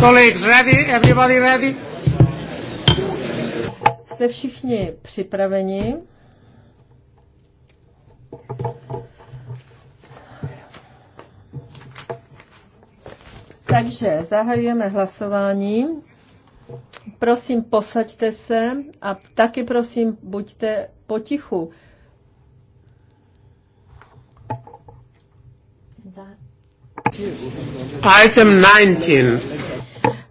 Colleagues, ready? Everybody ready? Jste všichni připraveni? Takže zahajujeme hlasování. Prosím, posaďte se a taky prosím, buďte potichu. Item 19.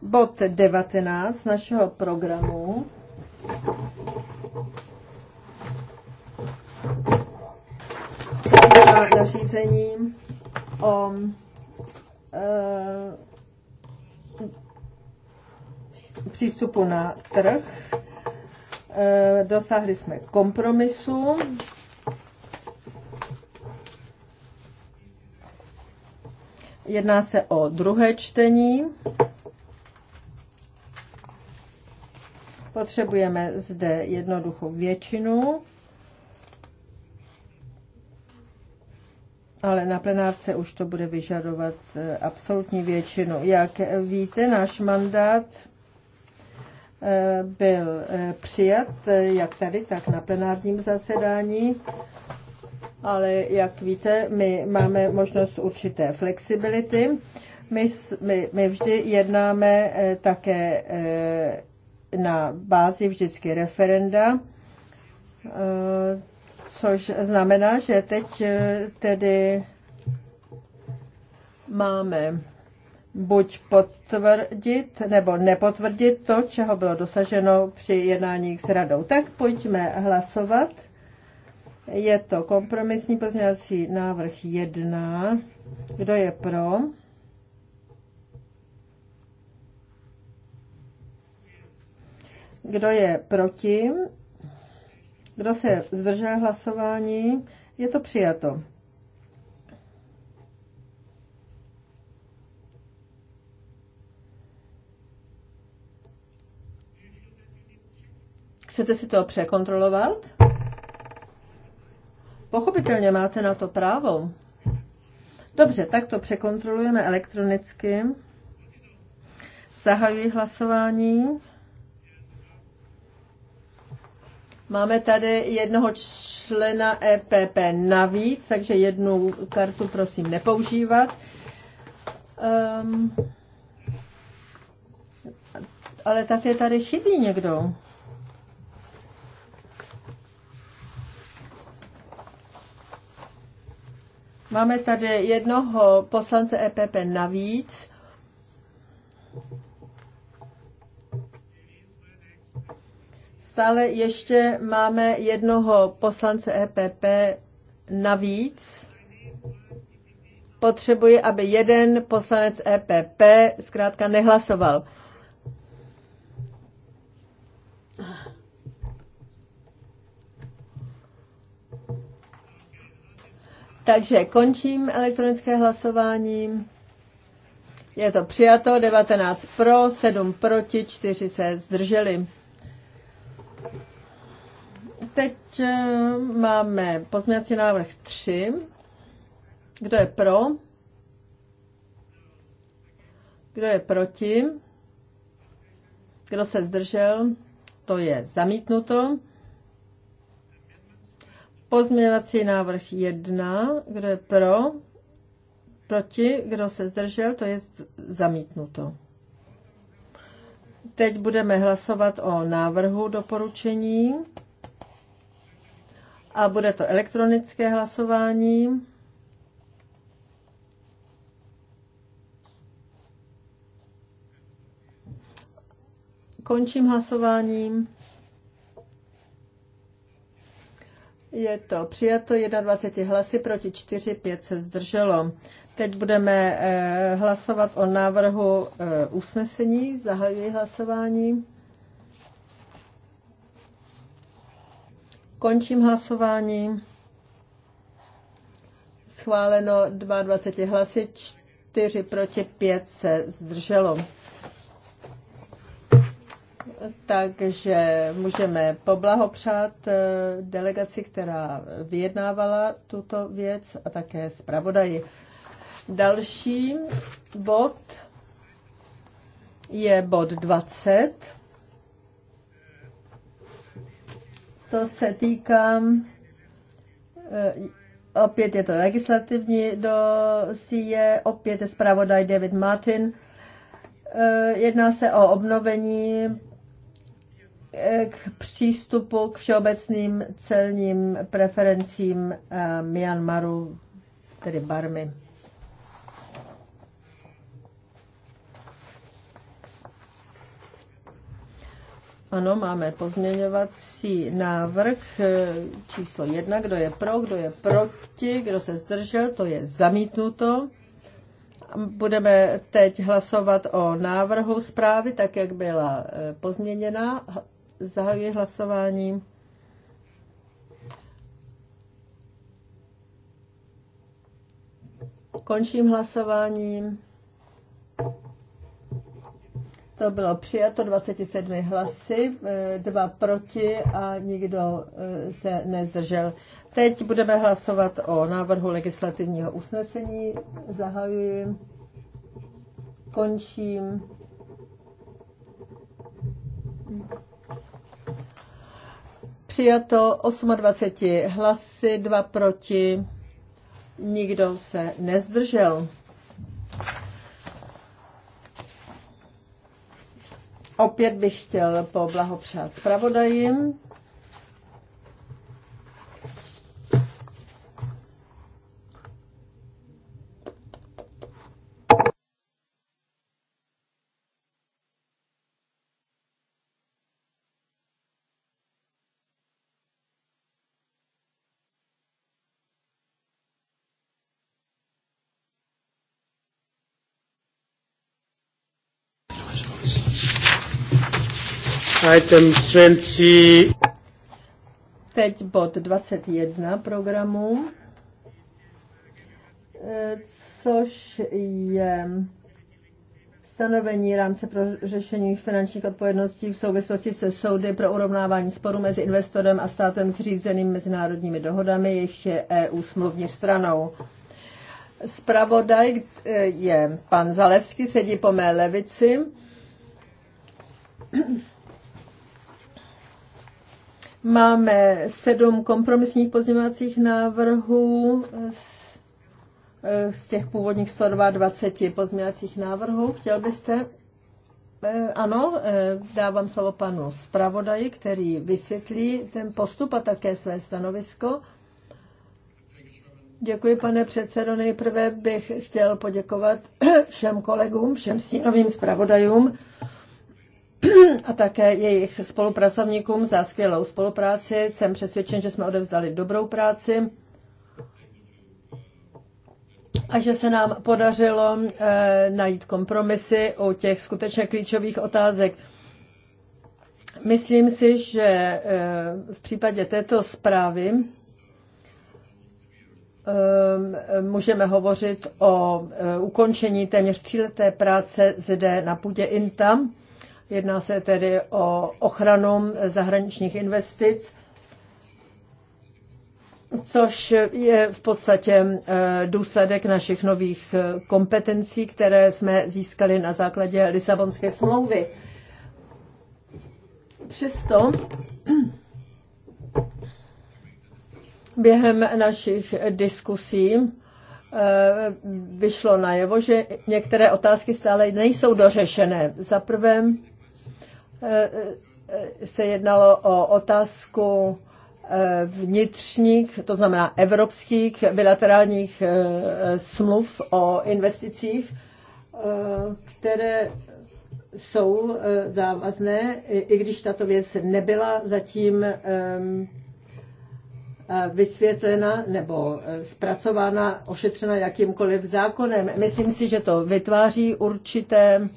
Bod 19 našeho programu. Týká o e, přístupu na trh. E, dosáhli jsme kompromisu Jedná se o druhé čtení. Potřebujeme zde jednoduchou většinu, ale na plenárce už to bude vyžadovat eh, absolutní většinu. Jak víte, náš mandát eh, byl eh, přijat jak tady, tak na plenárním zasedání ale jak víte, my máme možnost určité flexibility. My, my, my vždy jednáme eh, také eh, na bázi vždycky referenda, eh, což znamená, že teď tedy máme buď potvrdit nebo nepotvrdit to, čeho bylo dosaženo při jednáních s radou. Tak pojďme hlasovat. Je to kompromisní pozměňovací návrh 1. Kdo je pro? Kdo je proti? Kdo se zdržel hlasování? Je to přijato. Chcete si to překontrolovat? Pochopitelně máte na to právo. Dobře, tak to překontrolujeme elektronicky. Zahajuji hlasování. Máme tady jednoho člena EPP navíc, takže jednu kartu prosím nepoužívat. Um, ale také tady chybí někdo. Máme tady jednoho poslance EPP navíc. Stále ještě máme jednoho poslance EPP navíc. Potřebuji, aby jeden poslanec EPP zkrátka nehlasoval. Takže končím elektronické hlasování. Je to přijato, 19 pro, 7 proti, 4 se zdrželi. Teď eh, máme pozměňovací návrh 3. Kdo je pro? Kdo je proti? Kdo se zdržel? To je zamítnuto. Pozměňovací návrh 1, kdo je pro, proti, kdo se zdržel, to je zamítnuto. Teď budeme hlasovat o návrhu doporučení a bude to elektronické hlasování. Končím hlasováním. Je to přijato 21 hlasy proti 4, 5 se zdrželo. Teď budeme eh, hlasovat o návrhu eh, usnesení. Zahajuji hlasování. Končím hlasování. Schváleno 22 hlasy, 4 proti 5 se zdrželo takže můžeme poblahopřát eh, delegaci, která vyjednávala tuto věc a také zpravodaji. Další bod je bod 20. To se týká, eh, opět je to legislativní do CIE, opět je zpravodaj David Martin. Eh, jedná se o obnovení k přístupu k všeobecným celním preferencím eh, Myanmaru, tedy Barmy. Ano, máme pozměňovací návrh eh, číslo jedna. Kdo je pro, kdo je proti, kdo se zdržel, to je zamítnuto. Budeme teď hlasovat o návrhu zprávy, tak jak byla eh, pozměněna. Zahajuji hlasování. Končím hlasováním. To bylo přijato 27 hlasy, eh, dva proti a nikdo eh, se nezdržel. Teď budeme hlasovat o návrhu legislativního usnesení. Zahajuji. Končím. Přijato 28 hlasy, 2 proti, nikdo se nezdržel. Opět bych chtěl poblahopřát zpravodajím. Item 20. Teď bod 21 programu, eh, což je stanovení rámce pro řešení finančních odpovědností v souvislosti se soudy pro urovnávání sporu mezi investorem a státem zřízeným mezinárodními dohodami, jejichž je EU smluvní stranou. Spravodaj eh, je pan Zalevský, sedí po mé levici. Máme sedm kompromisních pozměňovacích návrhů z těch původních 122 pozměňovacích návrhů. Chtěl byste? Eh, ano, eh, dávám slovo panu zpravodaji, který vysvětlí ten postup a také své stanovisko. Děkuji, pane předsedo. Nejprve bych chtěl poděkovat všem kolegům, všem stínovým zpravodajům a také jejich spolupracovníkům za skvělou spolupráci. Jsem přesvědčen, že jsme odevzdali dobrou práci a že se nám podařilo eh, najít kompromisy o těch skutečně klíčových otázek. Myslím si, že eh, v případě této zprávy eh, můžeme hovořit o eh, ukončení téměř tříleté práce zde na půdě INTA. Jedná se tedy o ochranu zahraničních investic, což je v podstatě eh, důsledek našich nových eh, kompetencí, které jsme získali na základě Lisabonské smlouvy. Přesto během našich diskusí eh, vyšlo najevo, že některé otázky stále nejsou dořešené. Za prvé, se jednalo o otázku eh, vnitřních, to znamená evropských bilaterálních eh, smluv o investicích, eh, které jsou závazné, i když tato věc nebyla zatím ehm, vysvětlena nebo zpracována, ošetřena jakýmkoliv zákonem. Myslím si, že to vytváří určité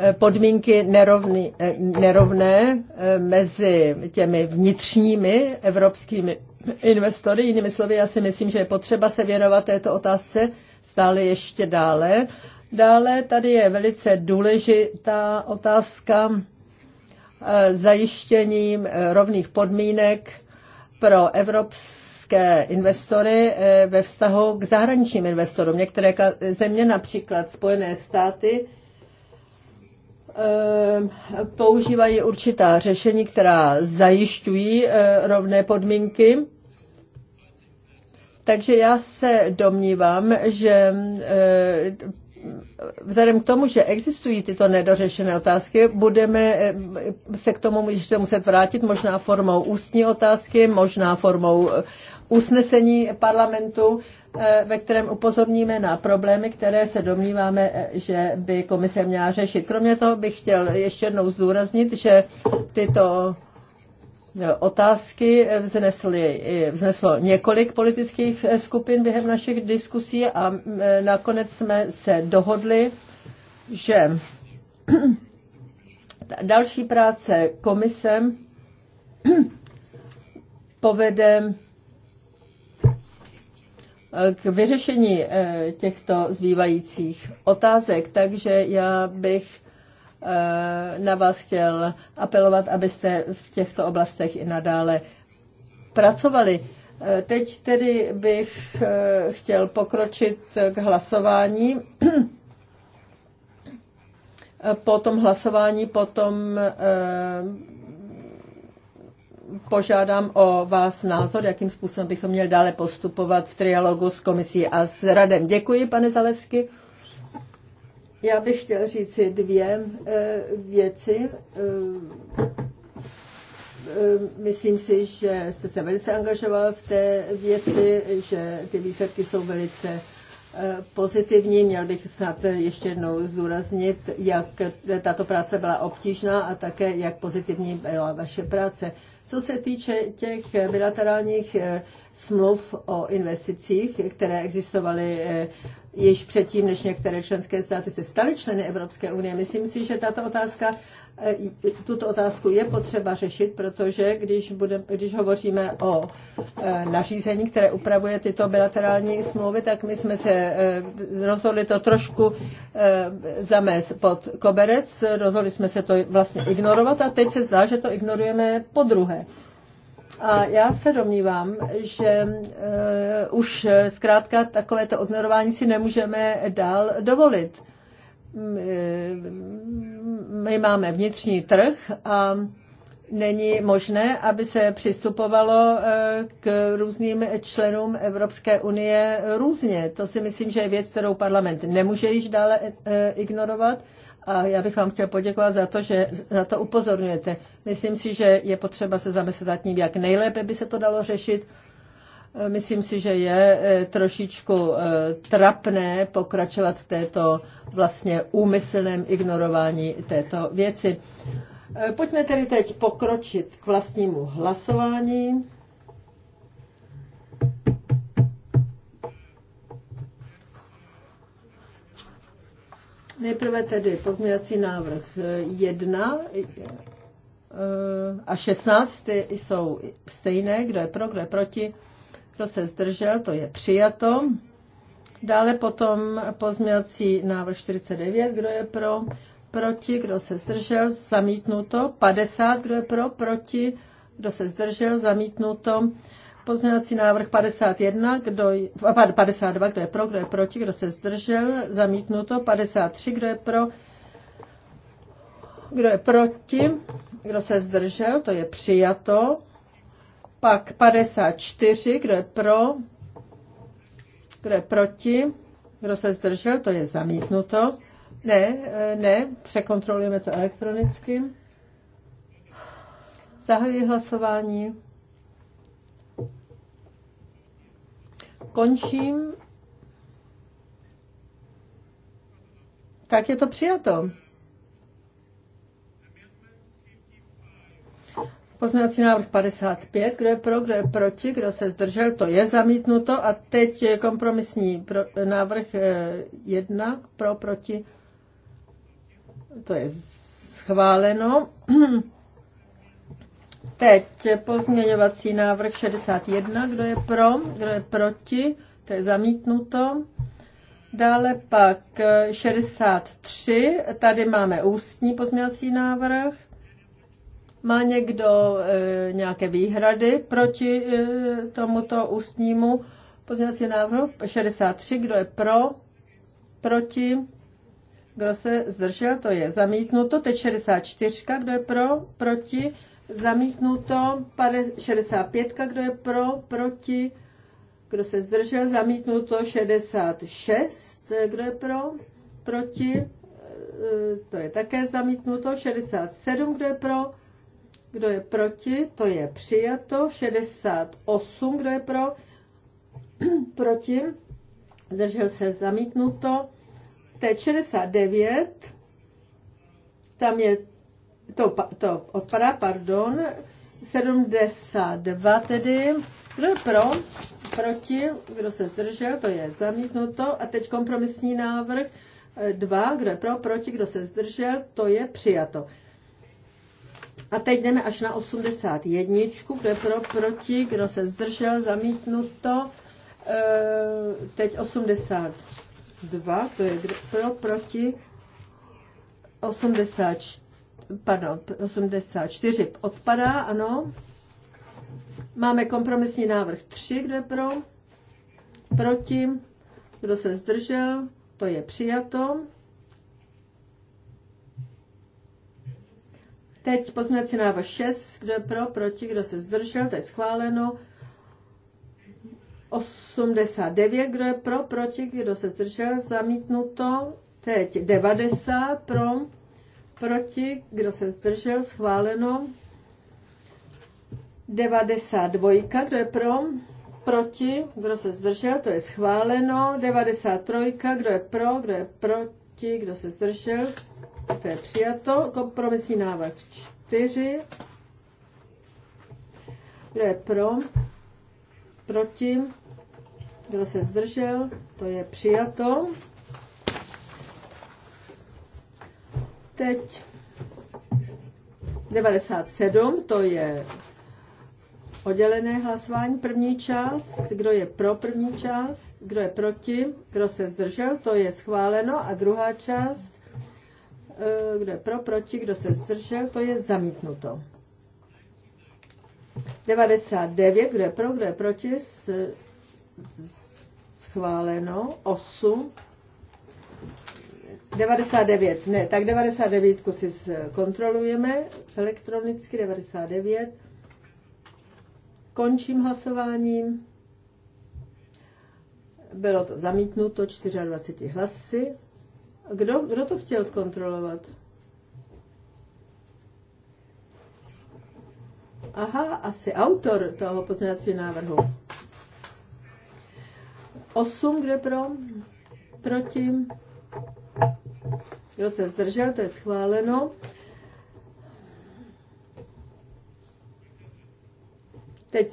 Eh, podmínky nerovný, eh, nerovné eh, mezi těmi vnitřními evropskými investory. Jinými slovy, já si myslím, že je potřeba se věnovat této otázce stále ještě dále. Dále tady je velice důležitá otázka zajištění rovných podmínek pro evropské investory ve vztahu k zahraničním investorům. Některé země, například Spojené státy, Ehm, používají určitá řešení, která zajišťují eh, rovné podmínky. Takže já se domnívám, že eh, vzhledem k tomu, že existují tyto nedořešené otázky, budeme eh, se k tomu muset vrátit možná formou ústní otázky, možná formou usnesení parlamentu, eh, ve kterém upozorníme na problémy, které se domníváme, eh, že by komise měla řešit. Kromě toho bych chtěl ještě jednou zdůraznit, že tyto eh, otázky vznesly vzneslo několik politických skupin během našich diskusí a nakonec jsme se dohodli, že další práce komisem povede k vyřešení eh, těchto zbývajících otázek. Takže já bych eh, na vás chtěl apelovat, abyste v těchto oblastech i nadále pracovali. Eh, teď tedy bych chtěl pokročit k hlasování. Po tom hlasování potom požádám o vás názor, jakým způsobem bychom měli dále postupovat v trialogu s komisí a s radem. Děkuji, pane Zalevsky. Já bych chtěl říct dvě dvě eh, věci. Eh, eh, myslím si, že jste se velice angažoval v té věci, že ty výsledky jsou velice pozitivní. Měl bych snad ještě jednou zúraznit, jak tato práce byla obtížná a také jak pozitivní byla vaše práce. Co se týče těch bilaterálních eh, smluv o investicích, které existovaly eh, již předtím, než některé členské státy se staly členy Evropské unie, myslím si, že tato otázka E, tuto otázku je potřeba řešit, protože když, bude, když hovoříme o e, nařízení, které upravuje tyto bilaterální smlouvy, tak my jsme se e, rozhodli to trošku zamést pod koberec, rozhodli jsme se to vlastně ignorovat a teď se zdá, že to ignorujeme po druhé. A já se domnívám, že uh, už zkrátka takovéto odnorování si nemůžeme dál dovolit my máme vnitřní trh a není možné, aby se přistupovalo e, k různým členům Evropské unie různě. To si myslím, že je věc, kterou parlament nemůže již dále e, e, ignorovat. A já bych vám chtěl poděkovat za to, že na to upozorňujete. Myslím si, že je potřeba se zamyslet nad tím, jak nejlépe by se to dalo řešit Myslím si, že je eh, trošičku eh, trapné pokračovat v této vlastně úmyslném ignorování této věci. Eh, pojďme tedy teď pokročit k vlastnímu hlasování. Nejprve tedy pozměňovací návrh 1 a 16 ty jsou stejné, kdo je pro, kdo je proti kdo se zdržel, to je přijato. Dále potom pozměňovací návrh 49, kdo je pro, proti, kdo se zdržel, zamítnuto. 50, kdo je pro, proti, kdo se zdržel, zamítnuto. Pozměňovací návrh 51, kdo je, 52, kdo je pro, kdo je proti, kdo se zdržel, zamítnuto. 53, kdo je pro, kdo je proti, kdo se zdržel, to je přijato. Pak 54, kdo je pro, kdo je proti, kdo se zdržel, to je zamítnuto. Ne, eh, ne, překontrolujeme to elektronicky. Zahajuji hlasování. Končím. Tak je to přijato. Pozměňovací návrh 55, kdo je pro, kdo je proti, kdo se zdržel, to je zamítnuto. A teď je kompromisní pro, návrh 1, eh, pro, proti, to je schváleno. Teď pozměňovací návrh 61, kdo je pro, kdo je proti, to je zamítnuto. Dále pak 63, eh, tady máme ústní pozměňovací návrh má někdo e, nějaké výhrady proti e, tomuto ústnímu pozměňovacímu návrhu? 63. Kdo je pro? Proti? Kdo se zdržel? To je zamítnuto. Teď 64. Kdo je pro? Proti? Zamítnuto. 65. Kdo je pro? Proti? Kdo se zdržel? Zamítnuto. 66. Kdo je pro? Proti? E, to je také zamítnuto. 67. Kdo je pro? kdo je proti, to je přijato. 68, kdo je pro, proti, držel se zamítnuto. Teď 69, tam je, to, to odpadá, pardon, 72 tedy, kdo je pro, proti, kdo se zdržel, to je zamítnuto. A teď kompromisní návrh 2, eh, kdo je pro, proti, kdo se zdržel, to je přijato. A teď jdeme až na 81. Kdo je pro, proti, kdo se zdržel, zamítnuto. E, teď 82. Kdo je pro, proti. 84, pardon, 84 odpadá, ano. Máme kompromisní návrh 3, kdo je pro, proti, kdo se zdržel, to je přijato. Teď pozměňovací návrh 6, kdo je pro, proti, kdo se zdržel, to je schváleno. 89, kdo je pro, proti, kdo se zdržel, zamítnuto. Teď 90 pro, proti, kdo se zdržel, schváleno. 92, kdo je pro, proti, kdo se zdržel, to je schváleno. 93, kdo je pro, kdo je proti, kdo se zdržel, to je přijato. Kompromisní návrh 4. Kdo je pro? Proti? Kdo se zdržel? To je přijato. Teď 97, to je oddělené hlasování. První část, kdo je pro první část, kdo je proti, kdo se zdržel, to je schváleno. A druhá část, Eh, kdo je pro, proti, kdo se zdržel, to je zamítnuto. 99, kdo je pro, kdo je proti, schváleno. 8, 99, ne, tak 99 si kontrolujeme elektronicky, 99. Končím hlasováním. Bylo to zamítnuto 24 hlasy. Kdo, kdo to chtěl zkontrolovat? Aha, asi autor toho pozměňovacího návrhu. Osm kde pro? Proti? Kdo se zdržel, to je schváleno. Teď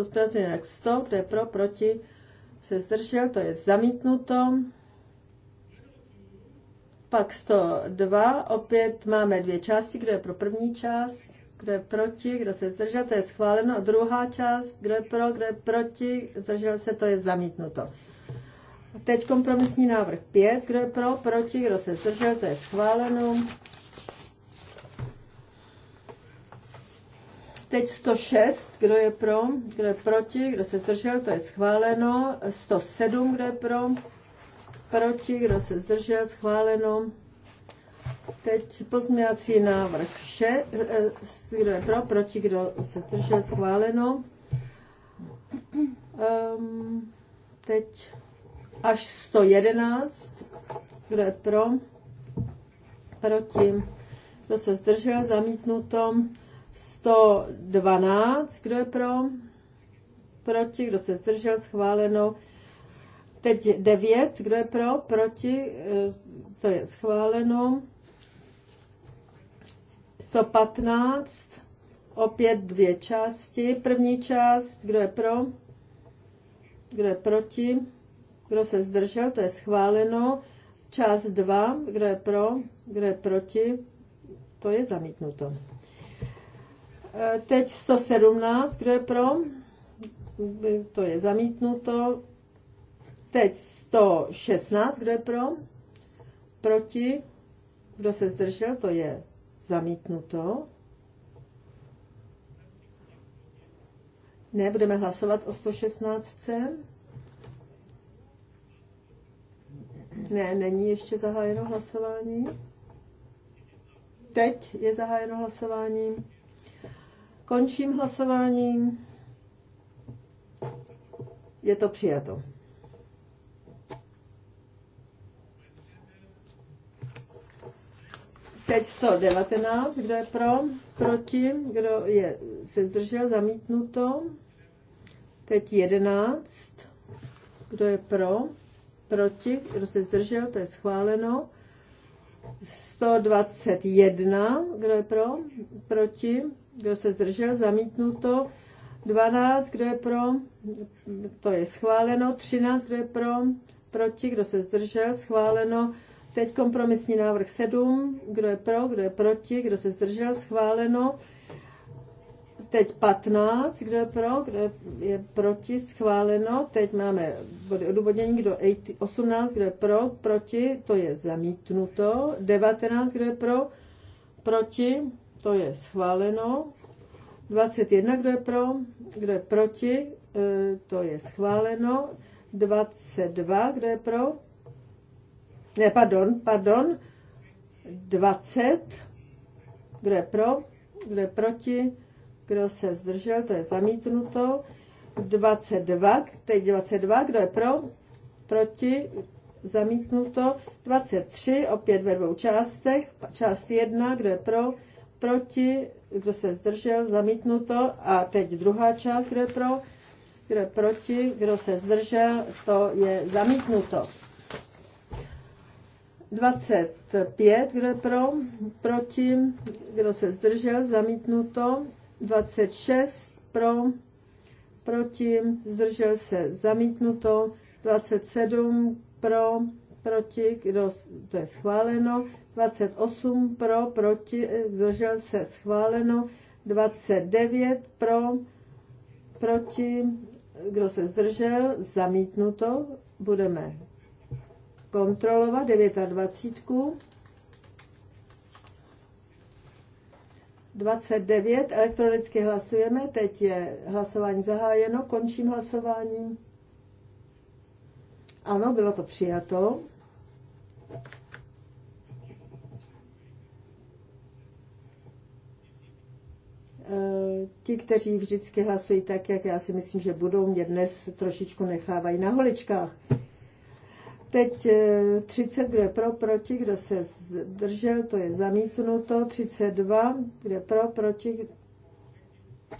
odpracujeme jinak 100, to je pro, proti, se zdržel, to je zamítnuto. Pak 102, opět máme dvě části, kdo je pro první část, kdo je proti, kdo se zdržel, to je schváleno. Druhá část, kdo je pro, kdo je proti, zdržel se, to je zamítnuto. Teď kompromisní návrh 5, kdo je pro, proti, kdo se zdržel, to je schváleno. Teď 106, kdo je pro, kdo je proti, kdo se zdržel, to je schváleno. 107, kdo je pro, proti, kdo se zdržel, schváleno. Teď pozměňovací návrh 6, eh, kdo je pro, proti, kdo se zdržel, schváleno. Um, teď až 111, kdo je pro, proti, kdo se zdržel, zamítnuto. 112, kdo je pro, proti, kdo se zdržel, schváleno. Teď 9, kdo je pro, proti, eh, to je schváleno. 115, opět dvě části. První část, kdo je pro, kdo je proti, kdo se zdržel, to je schváleno. Část 2, kdo je pro, kdo je proti, to je zamítnuto. Eh, teď 117, kdo je pro, to je zamítnuto. Teď 116, kdo je pro? Proti? Kdo se zdržel? To je zamítnuto. Ne, budeme hlasovat o 116. Ne, není ještě zahájeno hlasování. Teď je zahájeno hlasování. Končím hlasování. Je to přijato. Teď 119, kdo je pro, proti, kdo je, se zdržel, zamítnuto. Teď 11, kdo je pro, proti, kdo se zdržel, to je schváleno. 121, kdo je pro, proti, kdo se zdržel, zamítnuto. 12, kdo je pro, to je schváleno. 13, kdo je pro, proti, kdo se zdržel, schváleno. Teď kompromisní návrh 7. Kdo je pro, kdo je proti, kdo se zdržel, schváleno. Teď 15. Kdo je pro, kdo je proti, schváleno. Teď máme body odůvodnění. Kdo 18. Kdo je pro, proti, to je zamítnuto. 19. Kdo je pro, proti, to je schváleno. 21, kdo je pro, kdo je proti, e, to je schváleno. 22, kdo je pro, ne, pardon, pardon, 20, kdo je pro, kdo je proti, kdo se zdržel, to je zamítnuto, 22, teď 22, kdo je pro, proti, zamítnuto, 23, opět ve dvou částech, část 1, kdo je pro, proti, kdo se zdržel, zamítnuto a teď druhá část, kdo je pro, kdo je proti, kdo se zdržel, to je zamítnuto. 25, kdo je pro, proti, kdo se zdržel, zamítnuto. 26 pro, proti, zdržel se, zamítnuto. 27 pro, proti, kdo, to je schváleno. 28 pro, proti, zdržel se, schváleno. 29 pro, proti, kdo se zdržel, zamítnuto. Budeme zkontrolovat 29. 29, elektronicky hlasujeme, teď je hlasování zahájeno, končím hlasování. Ano, bylo to přijato. Ti, kteří vždycky hlasují tak, jak já si myslím, že budou, mě dnes trošičku nechávají na holičkách. Teď 30, eh, kdo je pro, proti, kdo se zdržel, to je zamítnuto. 32, kdo je pro, proti,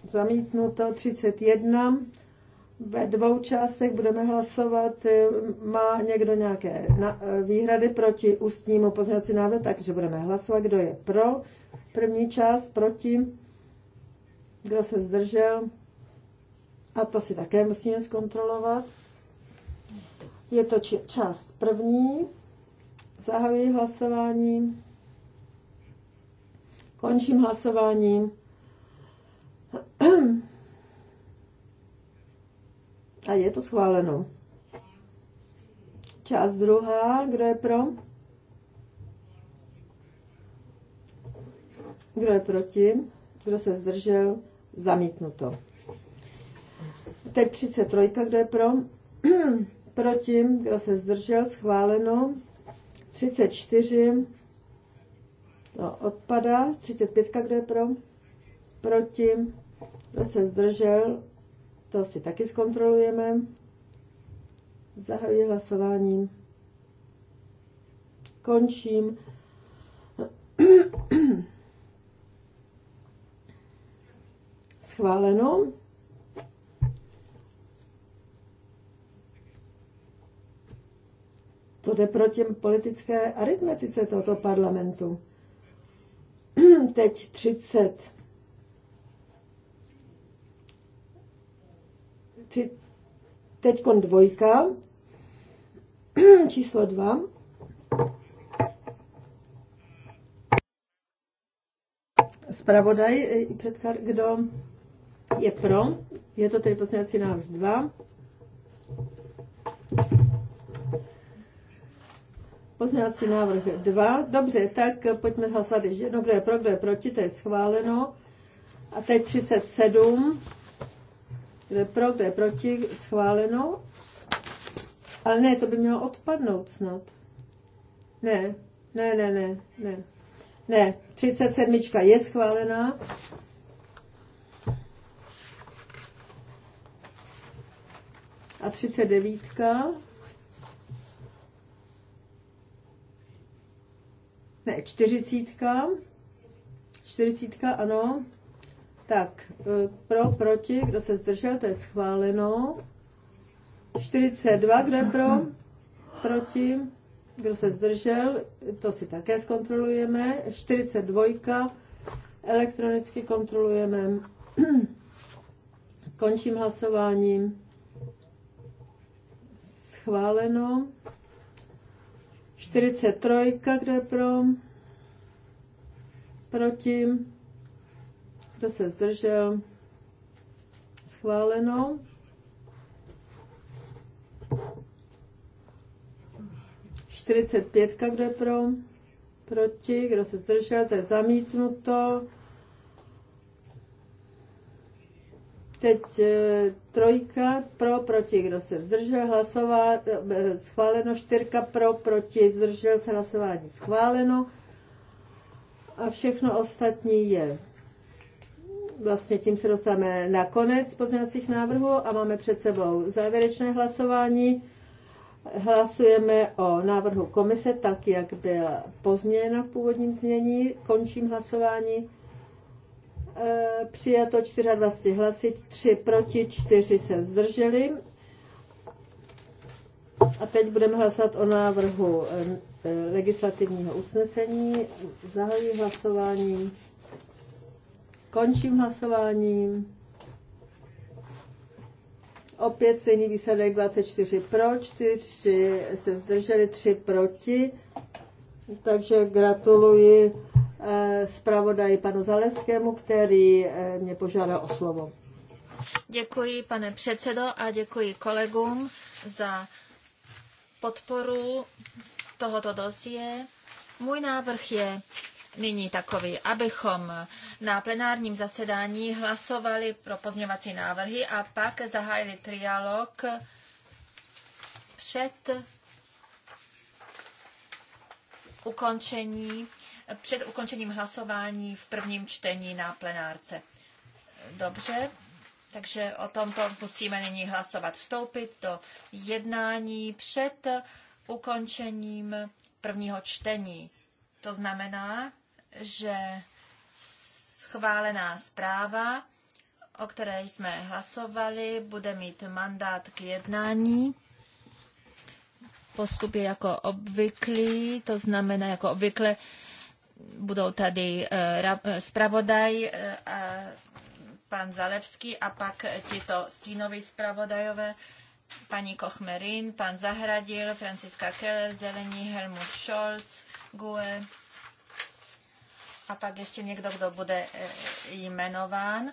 zamítnuto. 31, ve dvou částech budeme hlasovat. Eh, má někdo nějaké eh, výhrady proti ústnímu pozměňovací návrhu, takže budeme hlasovat, kdo je pro. První část proti, kdo se zdržel. A to si také musíme zkontrolovat. Je to část první. Zahajuji hlasování. Končím hlasování. A je to schváleno. Část druhá, kdo je pro? Kdo je proti? Kdo se zdržel? Zamítnuto. Teď 33, kdo je pro? proti, kdo se zdržel, schváleno. 34, No, odpadá. 35, kdo je pro, proti, kdo se zdržel, to si taky zkontrolujeme. Zahajuji hlasování. Končím. Schváleno. To jde proti politické aritmetice tohoto parlamentu. Teď 30. Teď kon dvojka, číslo dva. Spravodaj, eh, kdo je pro, je to tedy poslanecí návrh dva. Pozměňovací návrh 2. Dobře, tak pojďme hlasovat ještě jedno, kdo je pro, kdo je proti, to je schváleno. A teď 37. Kdo je pro, kdo je proti, schváleno. Ale ne, to by mělo odpadnout snad. Ne, ne, ne, ne, ne. Ne, 37 je schválená. A 39. ne, čtyřicítka, čtyřicítka, ano, tak, e, pro, proti, kdo se zdržel, to je schváleno. 42, kdo je pro, proti, kdo se zdržel, to si také zkontrolujeme. 42, elektronicky kontrolujeme. Končím hlasováním. Schváleno. 43, kdo je pro? Proti? Kdo se zdržel? Schváleno. Čtyřicet pětka, kdo je pro? Proti, kdo se zdržel, to je zamítnuto. Teď e, trojka pro, proti, kdo se zdržel hlasovat. E, schváleno, čtyřka pro, proti, zdržel se hlasování, schváleno. A všechno ostatní je vlastně tím se dostáváme na konec pozměňovacích návrhů a máme před sebou závěrečné hlasování. Hlasujeme o návrhu komise tak, jak byla pozměněna v původním znění. Končím hlasování. Eh, přijato 24 hlasy, 3 proti, 4 se zdrželi. A teď budeme hlasovat o návrhu eh, eh, legislativního usnesení. Zahajuji hlasování. Končím hlasování. Opět stejný výsledek 24 pro, 4 se zdrželi, 3 proti. Takže gratuluji Eh, zpravodaji panu Zaleskému, který eh, mě požádal o slovo. Děkuji, pane předsedo, a děkuji kolegům za podporu tohoto dosie. Můj návrh je nyní takový, abychom na plenárním zasedání hlasovali pro pozměňovací návrhy a pak zahájili trialog před ukončení před ukončením hlasování v prvním čtení na plenárce. Dobře, takže o tomto musíme nyní hlasovat. Vstoupit do jednání před ukončením prvního čtení. To znamená, že schválená zpráva, o které jsme hlasovali, bude mít mandát k jednání. Postup je jako obvyklý, to znamená, jako obvykle budou tady eh, eh, zpravodaj eh, a pan Zalevský a pak tito stínoví zpravodajové paní Kochmerin, pan Zahradil, Franciska Keller, Zelení, Helmut Scholz, GUE a pak ještě někdo, kdo bude jmenován.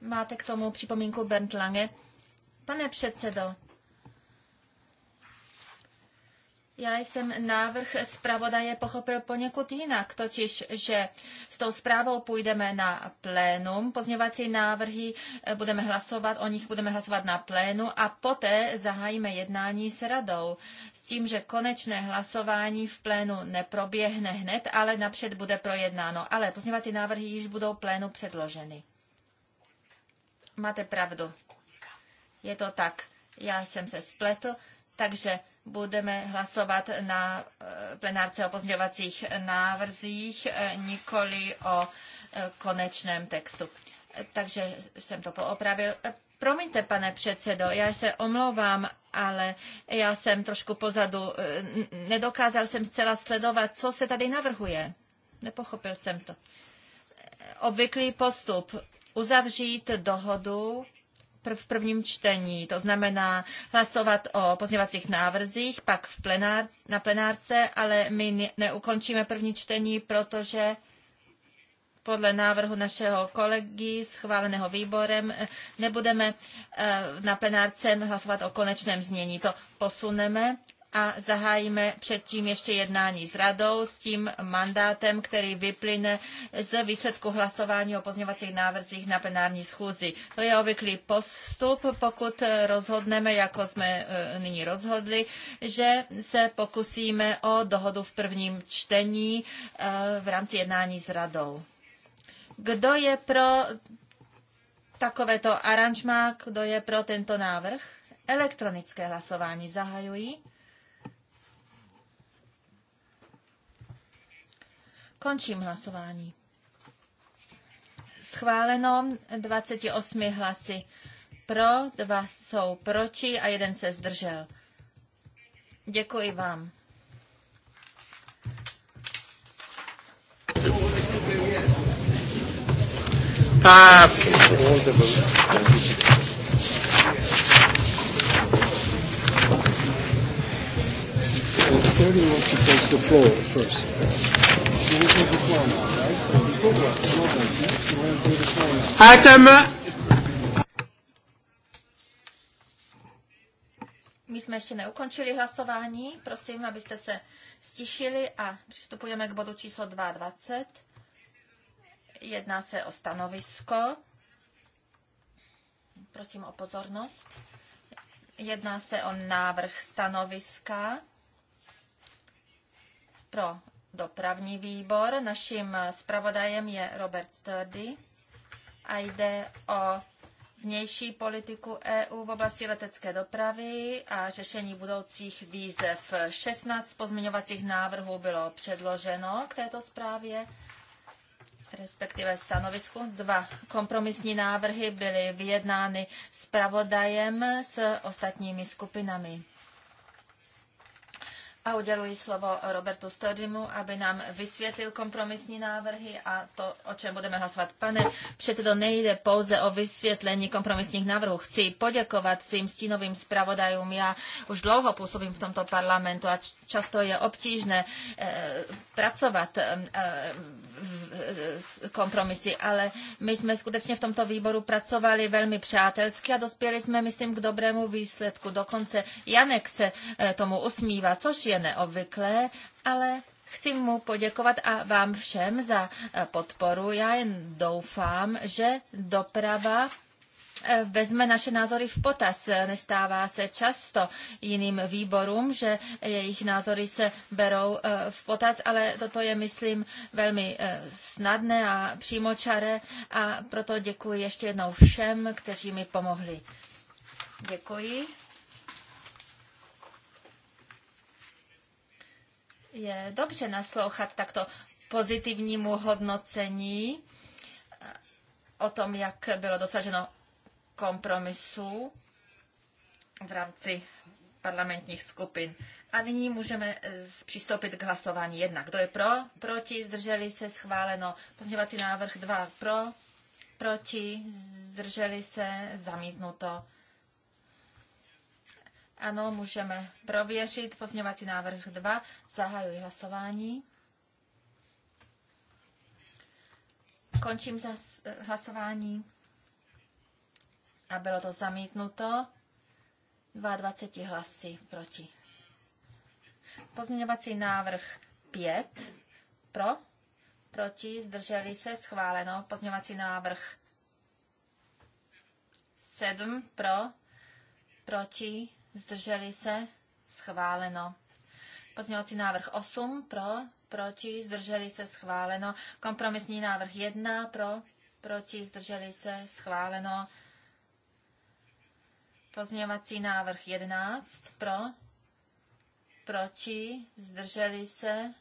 Máte k tomu připomínku Bernd Lange? Pane předsedo, Já jsem návrh zpravodaje pochopil poněkud jinak, totiž, že s tou zprávou půjdeme na plénum, pozměňovací návrhy eh, budeme hlasovat, o nich budeme hlasovat na plénu a poté zahájíme jednání s radou. S tím, že konečné hlasování v plénu neproběhne hned, ale napřed bude projednáno. Ale pozměňovací návrhy již budou plénu předloženy. Máte pravdu. Je to tak. Já jsem se spletl, takže budeme hlasovat na eh, plenárce o pozměňovacích návrzích, eh, nikoli o eh, konečném textu. Takže jsem to poopravil. Promiňte, pane předsedo, já se omlouvám, ale já jsem trošku pozadu. Nedokázal jsem zcela sledovat, co se tady navrhuje. Nepochopil jsem to. Obvyklý postup. Uzavřít dohodu v prvním čtení, to znamená hlasovat o pozněvacích návrzích, pak v plenár, na plenárce, ale my neukončíme první čtení, protože podle návrhu našeho kolegy schváleného výborem eh, nebudeme eh, na plenárce hlasovat o konečném znění. To posuneme a zahájíme předtím ještě jednání s radou s tím mandátem, který vyplyne z výsledku hlasování o pozměňovacích návrzích na plenární schůzi. To je obvyklý postup, pokud rozhodneme, jako jsme e, nyní rozhodli, že se pokusíme o dohodu v prvním čtení e, v rámci jednání s radou. Kdo je pro takovéto aranžmá, kdo je pro tento návrh? Elektronické hlasování zahajují. Končím hlasování. Schváleno 28 hlasy pro, dva jsou proti a jeden se zdržel. Děkuji vám. Ah. rapporteur, to the floor first? My jsme ještě neukončili hlasování. Prosím, abyste se stišili a přistupujeme k bodu číslo 22. Jedná se o stanovisko. Prosím o pozornost. Jedná se o návrh stanoviska pro dopravní výbor. Naším zpravodajem je Robert Sturdy a jde o vnější politiku EU v oblasti letecké dopravy a řešení budoucích výzev. 16 pozměňovacích návrhů bylo předloženo k této zprávě, respektive stanovisku. Dva kompromisní návrhy byly vyjednány s pravodajem s ostatními skupinami a uděluji slovo Robertu Stodymu, aby nám vysvětlil kompromisní návrhy a to, o čem budeme hlasovat. Pane předsedo, nejde pouze o vysvětlení kompromisních návrhů. Chci poděkovat svým stínovým zpravodajům. Já už dlouho působím v tomto parlamentu a často je obtížné eh, pracovat eh, v, eh, kompromisy, ale my jsme skutečně v tomto výboru pracovali velmi přátelsky a dospěli jsme, myslím, k dobrému výsledku. Dokonce Janek se eh, tomu usmívá, což je je neobvyklé, ale chci mu poděkovat a vám všem za eh, podporu. Já jen doufám, že doprava eh, vezme naše názory v potaz. Nestává se často jiným výborům, že jejich názory se berou eh, v potaz, ale toto je, myslím, velmi snadné a přímočaré a proto děkuji ještě jednou všem, kteří mi pomohli. Děkuji. Je dobře naslouchat takto pozitivnímu hodnocení eh, o tom, jak bylo dosaženo kompromisu v rámci parlamentních skupin. A nyní můžeme eh, přistoupit k hlasování. Jedna, kdo je pro, proti, zdrželi se, schváleno. Pozměňovací návrh 2 pro, proti, zdrželi se, zamítnuto. Ano, můžeme prověřit pozměňovací návrh 2. Zahajuji hlasování. Končím hlasování. A bylo to zamítnuto 22 hlasy proti. Pozměňovací návrh 5 pro, proti, zdrželi se, schváleno. Pozměňovací návrh 7 pro, proti, zdrželi se, schváleno. Pozměňovací návrh 8 pro, proti, zdrželi se, schváleno. Kompromisní návrh 1 pro, proti, zdrželi se, schváleno. Pozměňovací návrh 11 pro, proti, zdrželi se.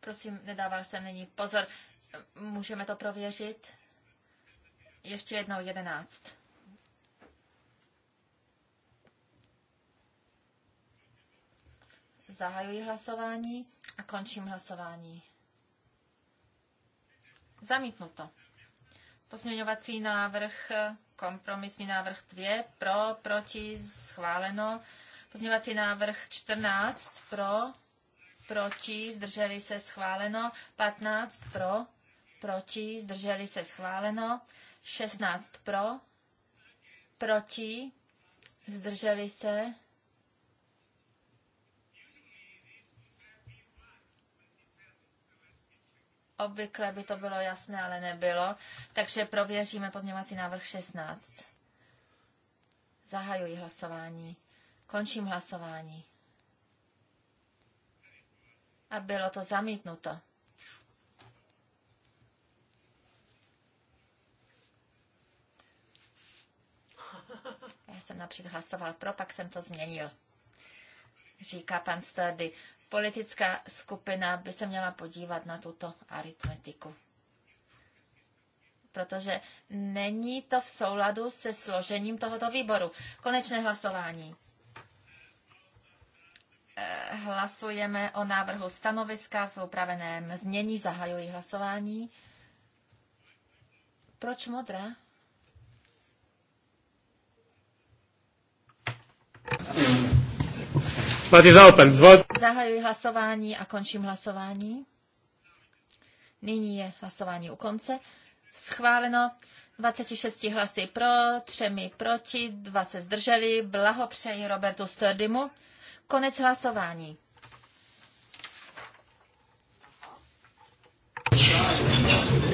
Prosím, nedával jsem nyní pozor. Můžeme to prověřit. Ještě jednou 11. Zahajuji hlasování a končím hlasování. Zamítnuto. Pozměňovací návrh, kompromisní návrh 2, pro, proti, schváleno. Pozměňovací návrh 14, pro, proti, zdrželi se, schváleno. 15, pro, proti, zdrželi se, schváleno. 16, pro, proti, zdrželi se, Obvykle by to bylo jasné, ale nebylo. Takže prověříme pozměvací návrh 16. Zahajuji hlasování. Končím hlasování. A bylo to zamítnuto. Já jsem napřed hlasoval pro, pak jsem to změnil říká pan Sturdy. Politická skupina by se měla podívat na tuto aritmetiku protože není to v souladu se složením tohoto výboru. Konečné hlasování. Eh, hlasujeme o návrhu stanoviska v upraveném znění. Zahajuji hlasování. Proč modrá? But is open. Zahajuji hlasování a končím hlasování. Nyní je hlasování u konce. Schváleno 26 hlasy pro, třemi proti, dva se zdrželi. Blahopřeji Robertu Sturdymu. Konec hlasování.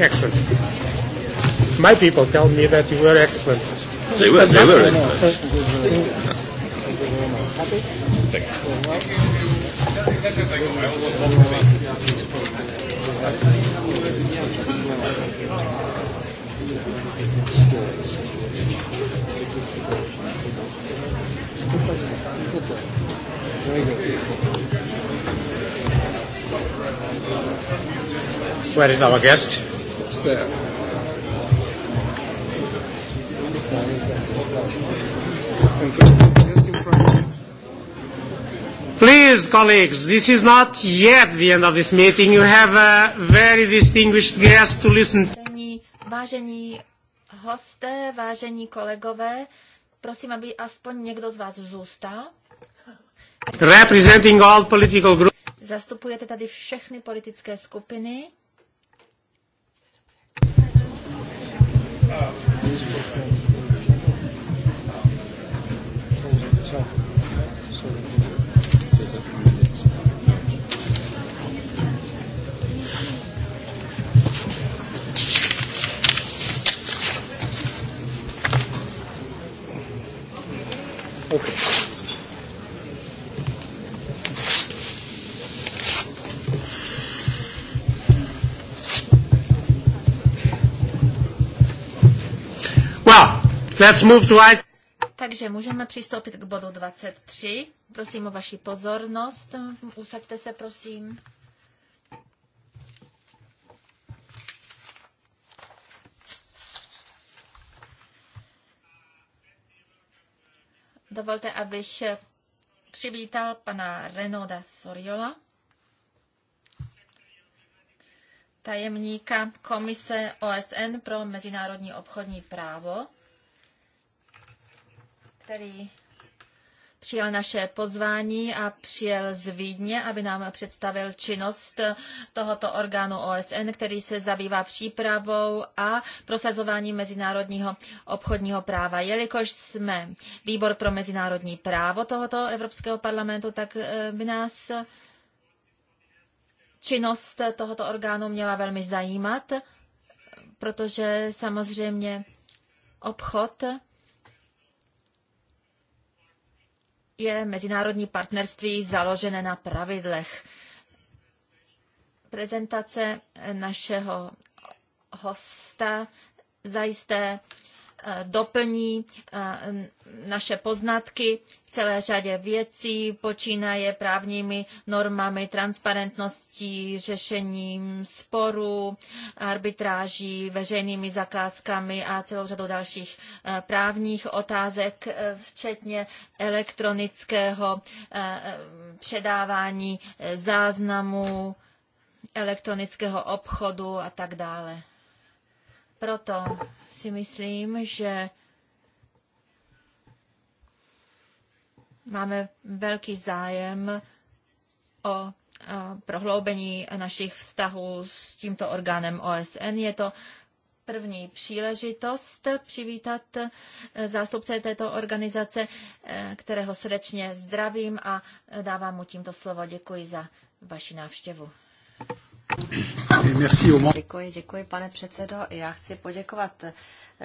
Excellent. My people tell me that you were excellent. They were, they were excellent. Thanks. Where is our guest? It's there. Just in front. Please, colleagues, this is not yet the end of this meeting. You have a very distinguished guest to listen to. Vážení hosté, vážení kolegové, prosím, aby aspoň někdo z vás zůstal. Representing all political groups. Zastupujete tady všechny politické skupiny. Uh, Well, let's move to Takže můžeme přistoupit k bodu 23. Prosím o vaši pozornost. Usaďte se, prosím. Dovolte, abych přivítal pana Renoda Soriola, tajemníka Komise OSN pro mezinárodní obchodní právo, který přijal naše pozvání a přijel z Vídně, aby nám představil činnost tohoto orgánu OSN, který se zabývá přípravou a prosazováním mezinárodního obchodního práva. Jelikož jsme výbor pro mezinárodní právo tohoto Evropského parlamentu, tak eh, by nás činnost tohoto orgánu měla velmi zajímat, protože samozřejmě obchod je mezinárodní partnerství založené na pravidlech. Prezentace našeho hosta zajisté Eh, doplní eh, naše poznatky v celé řadě věcí, počínaje právními normami, transparentností, řešením sporů, arbitráží, veřejnými zakázkami a celou řadou dalších eh, právních otázek, včetně elektronického předávání záznamů, elektronického obchodu a tak dále. Proto si myslím, že máme velký zájem o prohloubení našich vztahů s tímto orgánem OSN. Je to první příležitost přivítat e, zástupce této organizace, e, kterého srdečně zdravím a e, dávám mu tímto slovo. Děkuji za vaši návštěvu. Děkuji, děkuji, pane předsedo. Já chci poděkovat eh,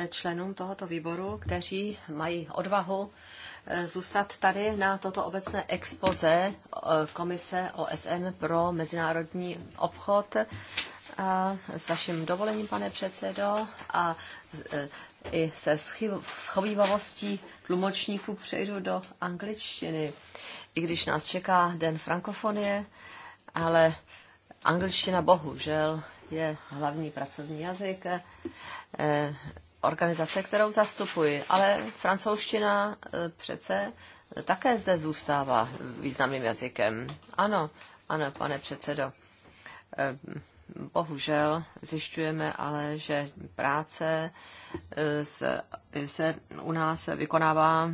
členům tohoto výboru, kteří mají odvahu eh, zůstat tady na toto obecné expoze eh, Komise OSN pro mezinárodní obchod. A s vaším dovolením, pane předsedo, a i se schovývavostí tlumočníků přejdu do angličtiny, i když nás čeká den frankofonie, ale Angličtina bohužel je hlavní pracovní jazyk eh, organizace, kterou zastupuji, ale francouzština eh, přece eh, také zde zůstává významným jazykem. Ano, ano, pane předsedo. Bohužel zjišťujeme ale, že práce se, u nás vykonává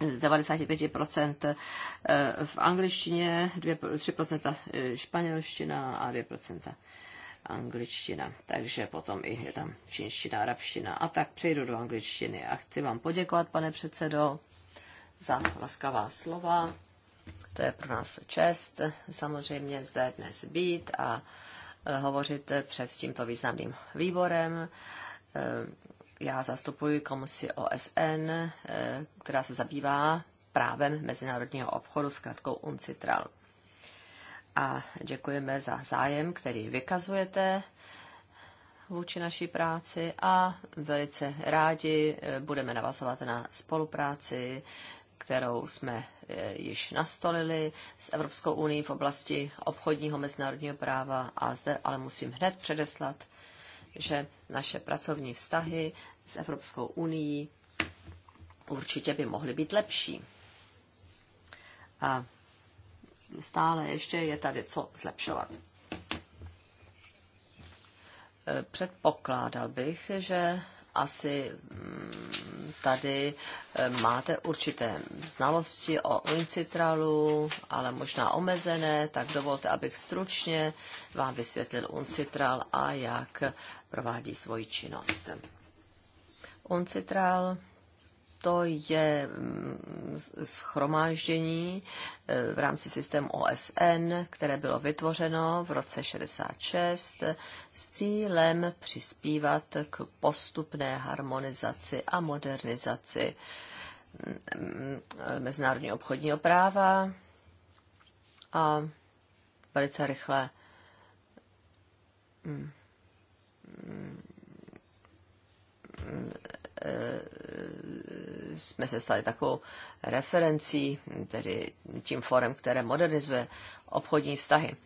z 95% eh, v angličtině, 2, 3% eh, španělština a 2% angličtina. Takže potom i je tam čínština, arabština. A tak přejdu do angličtiny. A chci vám poděkovat, pane předsedo, za laskavá slova. To je pro nás čest samozřejmě zde dnes být a eh, hovořit před tímto významným výborem já zastupuji komisi OSN, eh, která se zabývá právem mezinárodního obchodu s kratkou UNCITRAL. A děkujeme za zájem, který vykazujete vůči naší práci a velice rádi eh, budeme navazovat na spolupráci, kterou jsme eh, již nastolili s Evropskou unii v oblasti obchodního mezinárodního práva a zde ale musím hned předeslat, že naše pracovní vztahy s Evropskou unii určitě by mohly být lepší. A stále ještě je tady co zlepšovat. Předpokládal bych, že asi mm, tady eh, máte určité znalosti o uncitralu, ale možná omezené, tak dovolte, abych stručně vám vysvětlil uncitral a jak provádí svoji činnost. Uncitral to je mm, schromáždění e, v rámci systému OSN, které bylo vytvořeno v roce 66 s cílem přispívat k postupné harmonizaci a modernizaci mm, mm, mezinárodního obchodního práva a velice rychle Eh, jsme se stali takovou referencí, tedy tím forem, které modernizuje obchodní vztahy.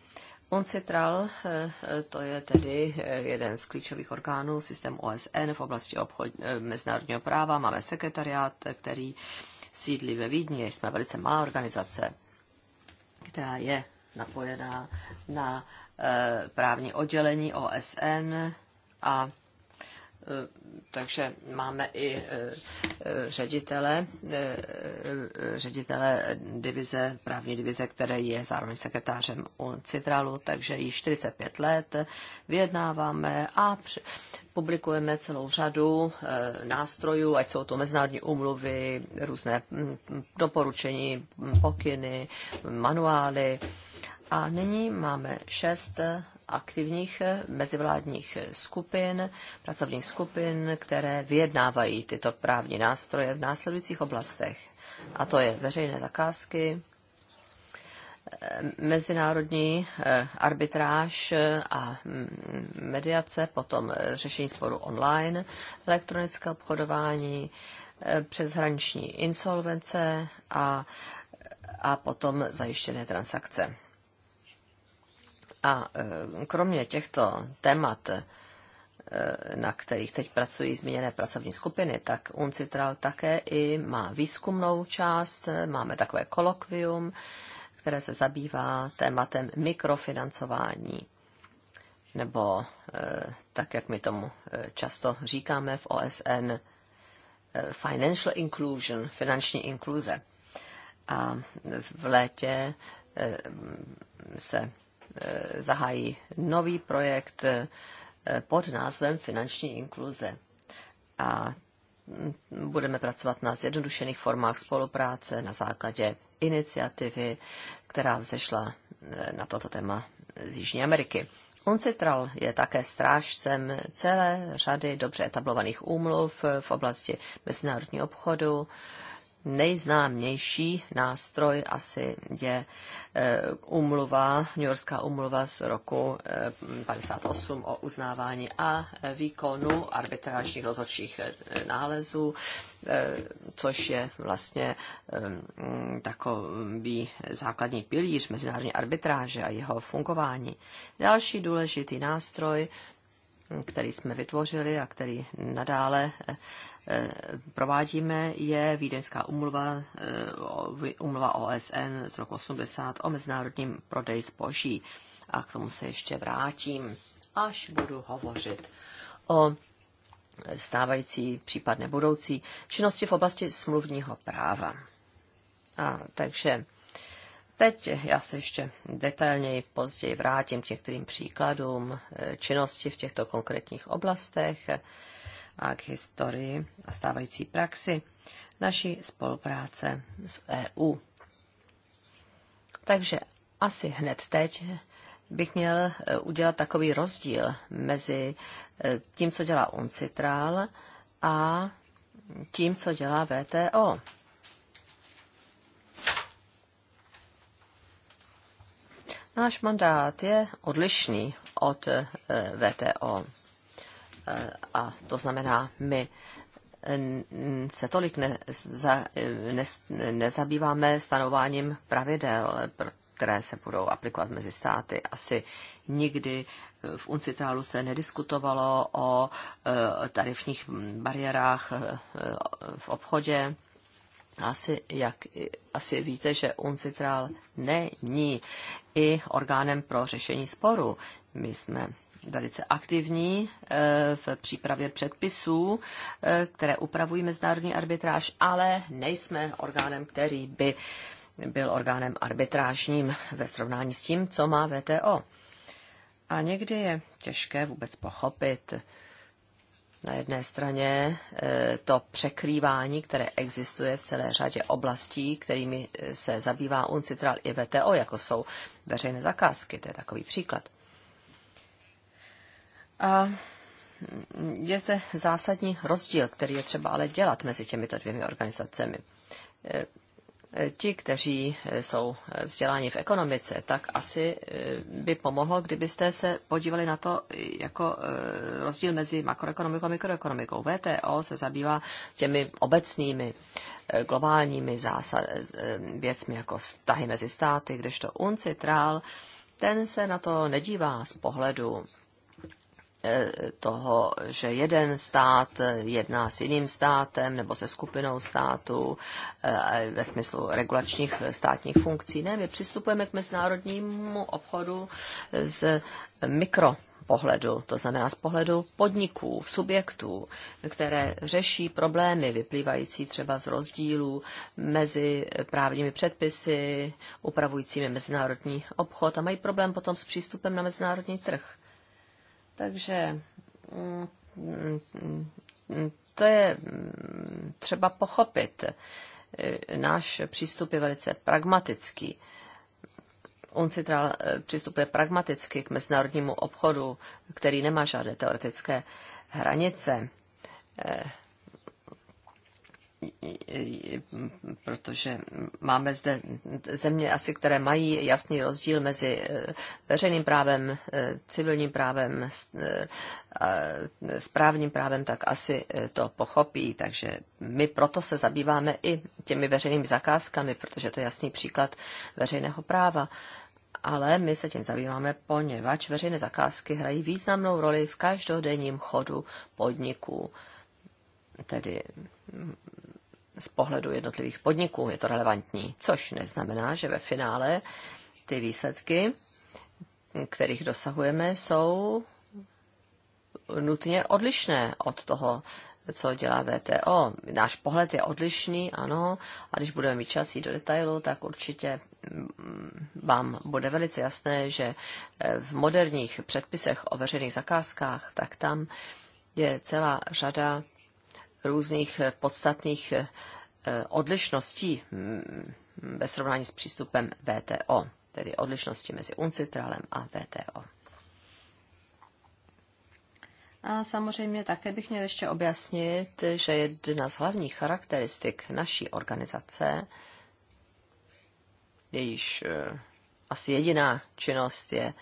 Uncitral, eh, to je tedy eh, jeden z klíčových orgánů systému OSN v oblasti obchod, mezinárodního práva. Máme sekretariát, který sídlí ve Vídni. Jsme velice malá organizace, která je napojená na právní oddělení OSN a takže máme i eh, eh, ředitele, eh, ředitele divize, právní divize, které je zároveň sekretářem u Citralu, takže již 45 let vyjednáváme a publikujeme celou řadu nástrojů, ať jsou to mezinárodní umluvy, různé mm, doporučení, pokyny, manuály. A nyní máme šest aktivních eh, mezivládních skupin, pracovních skupin, které vyjednávají tyto právní nástroje v následujících oblastech. A to je veřejné zakázky, eh, mezinárodní eh, arbitráž a mm, mediace, potom řešení sporu online, elektronické obchodování, přeshraniční insolvence a, a potom zajištěné transakce. A eh, kromě těchto témat, eh, na kterých teď pracují zmíněné pracovní skupiny, tak UNCITRAL také i má výzkumnou část, eh, máme takové kolokvium, které se zabývá tématem mikrofinancování. Nebo tak, jak my tomu často říkáme v OSN, financial inclusion, finanční inkluze. A v létě se Eh, zahájí nový projekt eh, pod názvem Finanční inkluze. A mm, budeme pracovat na zjednodušených formách spolupráce na základě iniciativy, která vzešla eh, na toto téma z Jižní Ameriky. Uncitral je také strážcem celé řady dobře etablovaných úmluv v oblasti mezinárodního obchodu, nejznámější nástroj asi je eh, umluva, New Yorkská umluva z roku 58 eh, o uznávání a eh, výkonu arbitrážních rozhodčích nálezů, což je vlastně takový základní pilíř mezinárodní arbitráže a jeho fungování. Další důležitý nástroj, který jsme vytvořili a který nadále Eh, provádíme, je Vídeňská umluva, umluva eh, OSN z roku 80 o mezinárodním prodeji zboží. A k tomu se ještě vrátím, až budu hovořit o stávající, případně budoucí činnosti v oblasti smluvního práva. A takže teď já se ještě detailněji později vrátím k některým příkladům eh, činnosti v těchto konkrétních oblastech a k historii a stávající praxi naší spolupráce s EU. Takže asi hned teď bych měl e, udělat takový rozdíl mezi e, tím, co dělá UNCITRAL a tím, co dělá VTO. Náš mandát je odlišný od e, VTO a to znamená, my se tolik za, ne, nezabýváme stanováním pravidel, které se budou aplikovat mezi státy. Asi nikdy v Uncitálu se nediskutovalo o e, tarifních bariérách e, v obchodě. Asi, jak, asi víte, že Uncitral není i orgánem pro řešení sporu. My jsme velice aktivní eh, v přípravě předpisů, eh, které upravují mezinárodní arbitráž, ale nejsme orgánem, který by byl orgánem arbitrážním ve srovnání s tím, co má VTO. A někdy je těžké vůbec pochopit na jedné straně eh, to překrývání, které existuje v celé řadě oblastí, kterými se zabývá UNCITRAL i VTO, jako jsou veřejné zakázky. To je takový příklad. A je zde zásadní rozdíl, který je třeba ale dělat mezi těmito dvěmi organizacemi. E, e, ti, kteří e, jsou vzděláni v ekonomice, tak asi by pomohlo, kdybyste se podívali na to jako rozdíl mezi makroekonomikou a mikroekonomikou. VTO se zabývá těmi obecnými globálními zásad, věcmi jako vztahy mezi státy, kdežto UNCITRAL, ten se na to nedívá z pohledu toho, že jeden stát jedná s jiným státem nebo se skupinou států eh, ve smyslu regulačních státních funkcí. Ne, my přistupujeme k mezinárodnímu obchodu z mikro pohledu, to znamená z pohledu podniků, subjektů, které řeší problémy vyplývající třeba z rozdílů mezi právními předpisy, upravujícími mezinárodní obchod a mají problém potom s přístupem na mezinárodní trh. Takže mm, mm, mm, to je třeba pochopit. E, náš přístup je velice pragmatický. UNCITRAL e, přistupuje pragmaticky k mezinárodnímu obchodu, který nemá žádné teoretické hranice. E, protože máme zde země asi, které mají jasný rozdíl mezi eh, veřejným právem, eh, civilním právem, eh, správním právem, tak asi to pochopí. Takže my proto se zabýváme i těmi veřejnými zakázkami, protože to je jasný příklad veřejného práva ale my se tím zabýváme, poněvadž veřejné zakázky hrají významnou roli v každodenním chodu podniků. Tedy z pohledu jednotlivých podniků je to relevantní, což neznamená, že ve finále ty výsledky, kterých dosahujeme, jsou nutně odlišné od toho, co dělá VTO. Náš pohled je odlišný, ano, a když budeme mít čas jít do detailu, tak určitě mm, vám bude velice jasné, že eh, v moderních předpisech o veřejných zakázkách, tak tam je celá řada různých eh, podstatných eh, eh, odlišností mm, ve srovnání s přístupem VTO, tedy odlišnosti mezi UNCITRALem a VTO. A samozřejmě také bych měl ještě objasnit, že jedna z hlavních charakteristik naší organizace, jejíž asi jediná činnost je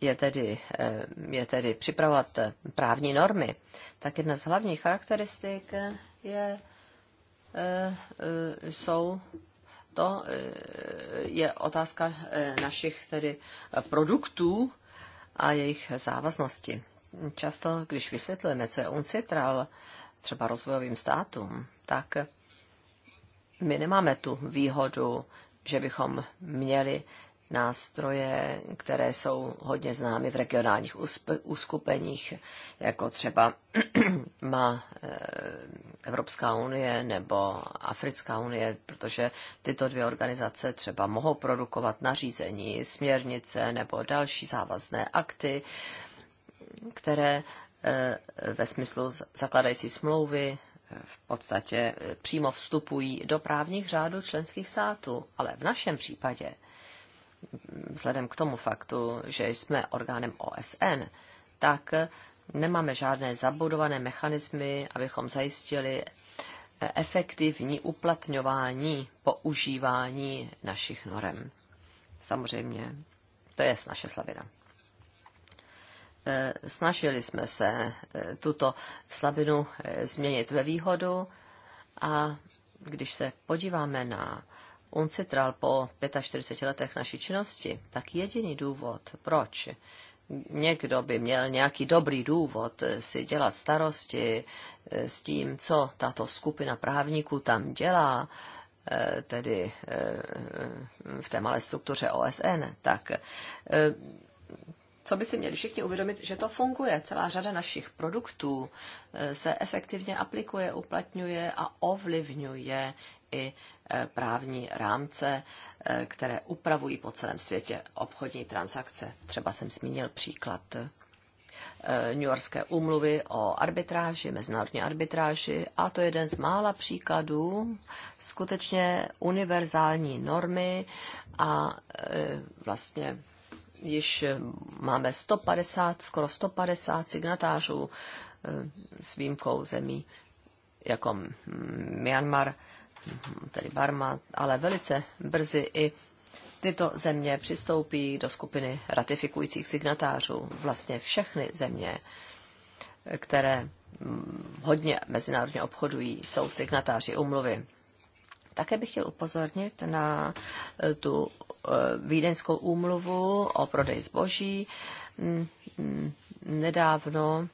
je tedy, eh, je tedy připravovat eh, právní normy, tak jedna z hlavních charakteristik je, eh, jsou to je otázka našich tedy produktů a jejich závaznosti. Často, když vysvětlujeme, co je uncitral třeba rozvojovým státům, tak my nemáme tu výhodu, že bychom měli nástroje, které jsou hodně známy v regionálních uskupeních, jako třeba má eh, Evropská unie nebo Africká unie, protože tyto dvě organizace třeba mohou produkovat nařízení, směrnice nebo další závazné akty, které eh, ve smyslu zakladající smlouvy eh, v podstatě přímo vstupují do právních řádů členských států. Ale v našem případě vzhledem k tomu faktu, že jsme orgánem OSN, tak nemáme žádné zabudované mechanismy, abychom zajistili efektivní uplatňování, používání našich norem. Samozřejmě, to je naše slabina. E, snažili jsme se e, tuto slabinu e, změnit ve výhodu a když se podíváme na UNCITRAL po 45 letech naší činnosti, tak jediný důvod, proč někdo by měl nějaký dobrý důvod si dělat starosti eh, s tím, co tato skupina právníků tam dělá, eh, tedy eh, v té malé struktuře OSN, tak co by si měli všichni uvědomit, že to funguje. Celá řada našich produktů se efektivně aplikuje, uplatňuje a ovlivňuje i Eh, právní rámce, eh, které upravují po celém světě obchodní transakce. Třeba jsem zmínil příklad eh, New Yorkské úmluvy o arbitráži, mezinárodní arbitráži a to je jeden z mála příkladů skutečně univerzální normy a vlastně již máme 150, skoro 150 signatářů s výjimkou zemí jako Myanmar, tedy Barma, ale velice brzy i tyto země přistoupí do skupiny ratifikujících signatářů. Vlastně všechny země, které mm, hodně mezinárodně obchodují, jsou signatáři umluvy. Také bych chtěl upozornit na e, tu e, vídeňskou úmluvu o prodeji zboží. Mm, mm, nedávno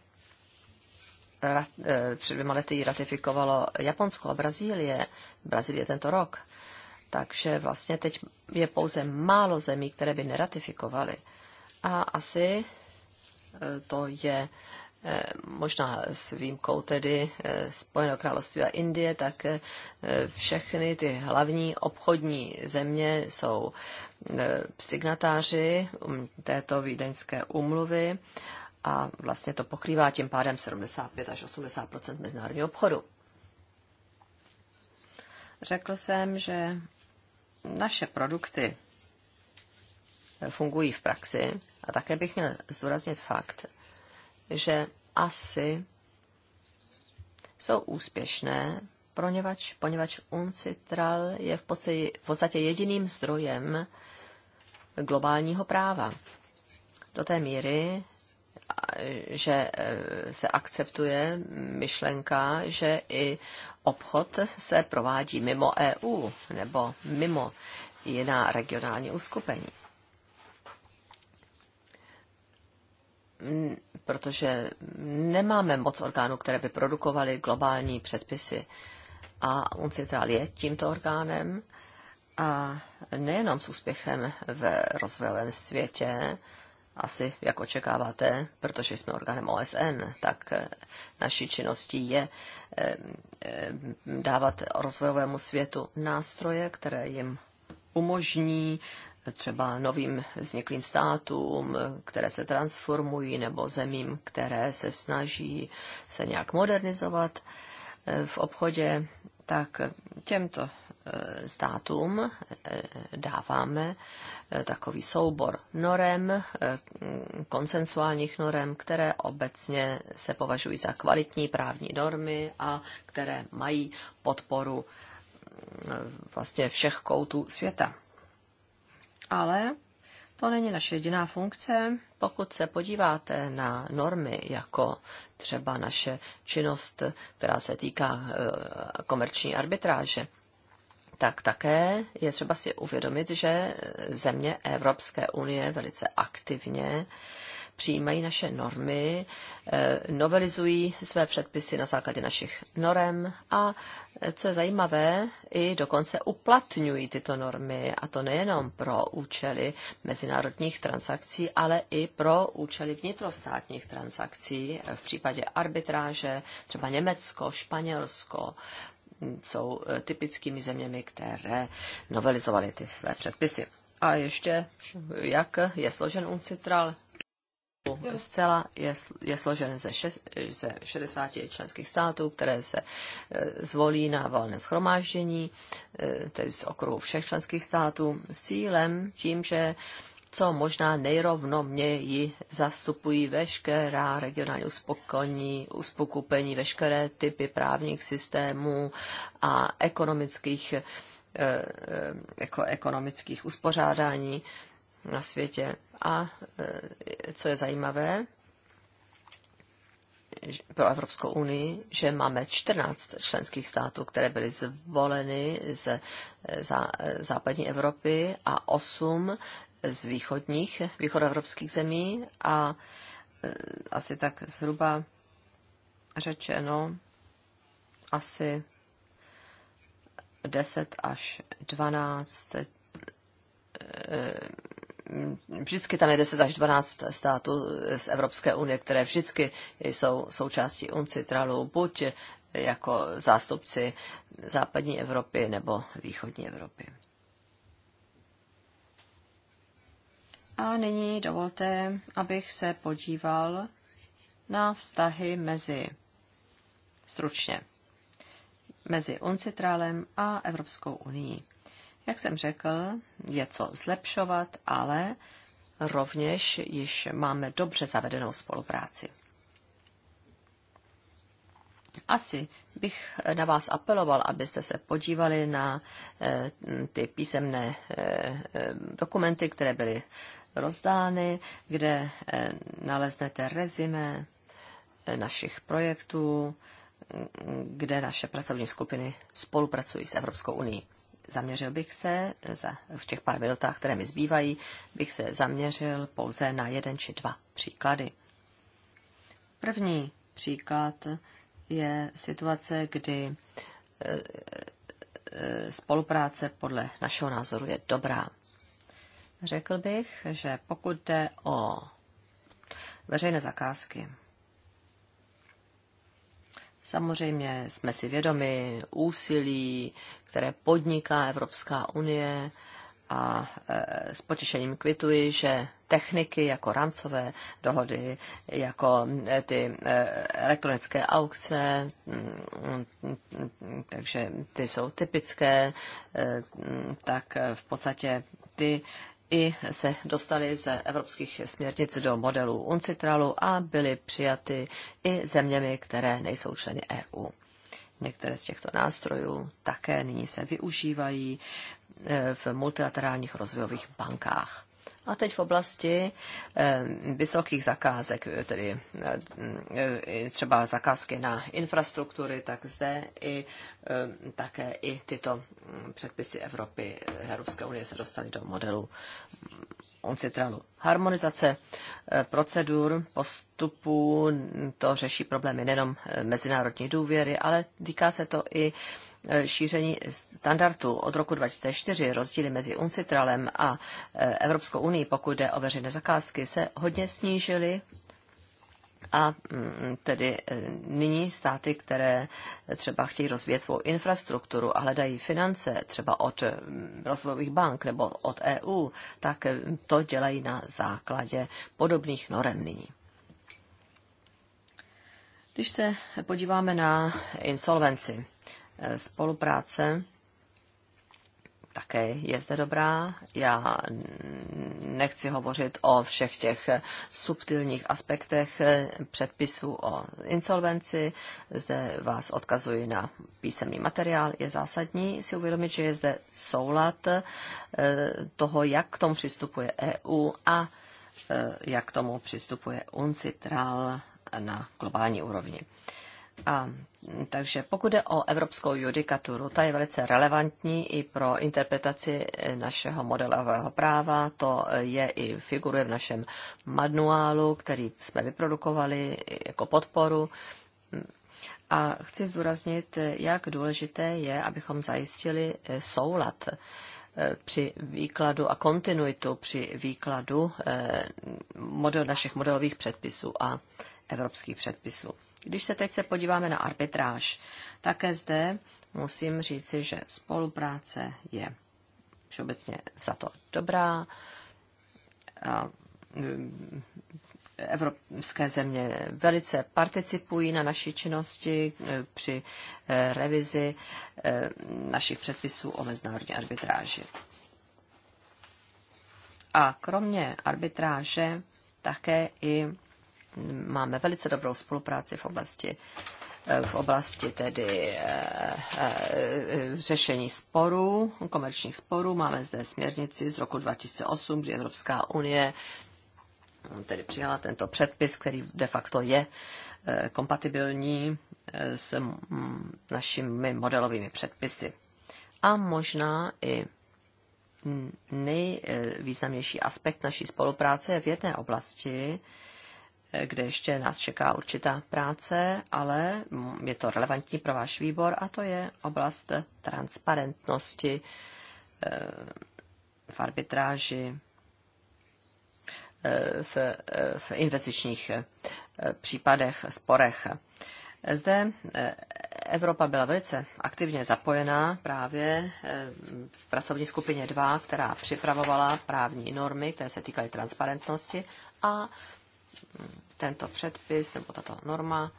rat, eh, před dvěma lety ji ratifikovalo Japonsko a Brazílie, Brazílie tento rok. Takže vlastně teď je pouze málo zemí, které by neratifikovaly. A asi eh, to je eh, možná s výjimkou tedy Spojeného království a Indie, tak všechny ty hlavní obchodní země jsou signatáři mm, této vídeňské úmluvy a vlastně to pokrývá tím pádem 75 až 80 mezinárodního obchodu. Řekl jsem, že naše produkty fungují v praxi a také bych měl zdůraznit fakt, že asi jsou úspěšné, poněvadž, poněvadž uncitral je v podstatě, v podstatě jediným zdrojem globálního práva. Do té míry, že eh, se akceptuje myšlenka, že i obchod se provádí mimo EU nebo mimo jiná regionální uskupení. Protože nemáme moc orgánů, které by produkovaly globální předpisy. A UNCITRAL je tímto orgánem a nejenom s úspěchem v rozvojovém světě, asi jak očekáváte, protože jsme orgánem OSN, tak eh, naší činností je eh, eh, dávat rozvojovému světu nástroje, které jim umožní třeba novým vzniklým státům, které se transformují, nebo zemím, které se snaží se nějak modernizovat v obchodě, tak těmto státům dáváme Eh, takový soubor norem, eh, konsensuálních norem, které obecně se považují za kvalitní právní normy a které mají podporu mm, vlastně všech koutů světa. Ale to není naše jediná funkce. Pokud se podíváte na normy, jako třeba naše činnost, která se týká eh, komerční arbitráže, tak také je třeba si uvědomit, že země Evropské unie velice aktivně přijímají naše normy, eh, novelizují své předpisy na základě našich norem a, eh, co je zajímavé, i dokonce uplatňují tyto normy, a to nejenom pro účely mezinárodních transakcí, ale i pro účely vnitrostátních transakcí eh, v případě arbitráže, třeba Německo, Španělsko, jsou eh, typickými zeměmi, které novelizovaly ty své předpisy. A ještě, jak je složen UNCITRAL? Zcela je, je složen ze, šest, ze 60 členských států, které se eh, zvolí na valné schromáždění, eh, tedy z okruhu všech členských států, s cílem tím, že co možná nejrovnoměji zastupují veškerá regionální uspokojení, uspokupení, veškeré typy právních systémů a ekonomických, eh, eh, jako ekonomických uspořádání na světě. A eh, co je zajímavé pro Evropskou unii, že máme 14 členských států, které byly zvoleny z západní Evropy a 8 z východních, východoevropských zemí a eh, asi tak zhruba řečeno asi 10 až 12 eh, mm, vždycky tam je 10 až 12 států eh, z Evropské unie, které vždycky jsou součástí UNCITRALu, buď jako zástupci západní Evropy nebo východní Evropy. A nyní dovolte, abych se podíval na vztahy mezi, stručně, mezi UNCITRALem a Evropskou unii. Jak jsem řekl, je co zlepšovat, ale rovněž již máme dobře zavedenou spolupráci. Asi bych na vás apeloval, abyste se podívali na eh, ty písemné eh, eh, dokumenty, které byly rozdány, kde eh, naleznete rezime eh, našich projektů, mm, kde naše pracovní skupiny spolupracují s Evropskou unii. Zaměřil bych se, eh, za, v těch pár minutách, které mi zbývají, bych se zaměřil pouze na jeden či dva příklady. První příklad je situace, kdy spolupráce podle našeho názoru je dobrá. Řekl bych, že pokud jde o veřejné zakázky, samozřejmě jsme si vědomi úsilí, které podniká Evropská unie a e, s potěšením kvituji, že techniky jako rámcové dohody, jako e, ty e, elektronické aukce, mm, mm, takže ty jsou typické, mm, tak v podstatě ty i se dostaly z evropských směrnic do modelů UNCITRALu a byly přijaty i zeměmi, které nejsou členy EU. Některé z těchto nástrojů také nyní se využívají e, v multilaterálních rozvojových bankách. A teď v oblasti e, vysokých zakázek, tedy e, třeba zakázky na infrastruktury, tak zde i Eh, také i tyto předpisy Evropy, Evropské unie se dostaly do modelu oncitralu. Harmonizace eh, procedur, postupů, to řeší problémy nejenom eh, mezinárodní důvěry, ale týká se to i šíření standardů od roku 2004 rozdíly mezi UNCITRALem a Evropskou unii, pokud jde o veřejné zakázky, se hodně snížily a mm, tedy eh, nyní státy, které eh, třeba chtějí rozvíjet svou infrastrukturu a hledají finance třeba od mm, rozvojových bank nebo od EU, tak eh, to dělají na základě podobných norem nyní. Když se podíváme na insolvenci, spolupráce také je zde dobrá. Já nechci hovořit o všech těch subtilních aspektech předpisů o insolvenci. Zde vás odkazuji na písemný materiál. Je zásadní si uvědomit, že je zde soulad eh, toho, jak k tomu přistupuje EU a eh, jak k tomu přistupuje UNCITRAL na globální úrovni. A mm, takže pokud je o evropskou judikaturu, ta je velice relevantní i pro interpretaci e, našeho modelového práva. To e, je i figuruje v našem manuálu, který jsme vyprodukovali jako podporu. A chci zdůraznit, e, jak důležité je, abychom zajistili soulad při výkladu a kontinuitu při výkladu model, našich modelových předpisů a evropských předpisů. Když se teď se podíváme na arbitráž, také zde musím říci, že spolupráce je všeobecně za to dobrá. A eh, evropské země velice participují na naší činnosti eh, při eh, revizi našich předpisů o mezinárodní arbitráži. A kromě arbitráže také i máme velice dobrou spolupráci v oblasti eh, v oblasti tedy eh, eh, řešení sporů, komerčních sporů. Máme zde směrnici z roku 2008, kdy Evropská unie tedy přijala tento předpis, který de facto je kompatibilní s mm, našimi modelovými předpisy. A možná i nejvýznamnější aspekt naší spolupráce je v jedné oblasti, kde ještě nás čeká určitá práce, ale je to relevantní pro váš výbor a to je oblast transparentnosti eh, v arbitráži, eh, v, eh, v investičních případech, sporech. Zde Evropa byla velice aktivně zapojená právě v pracovní skupině 2, která připravovala právní normy, které se týkaly transparentnosti a tento předpis nebo tato norma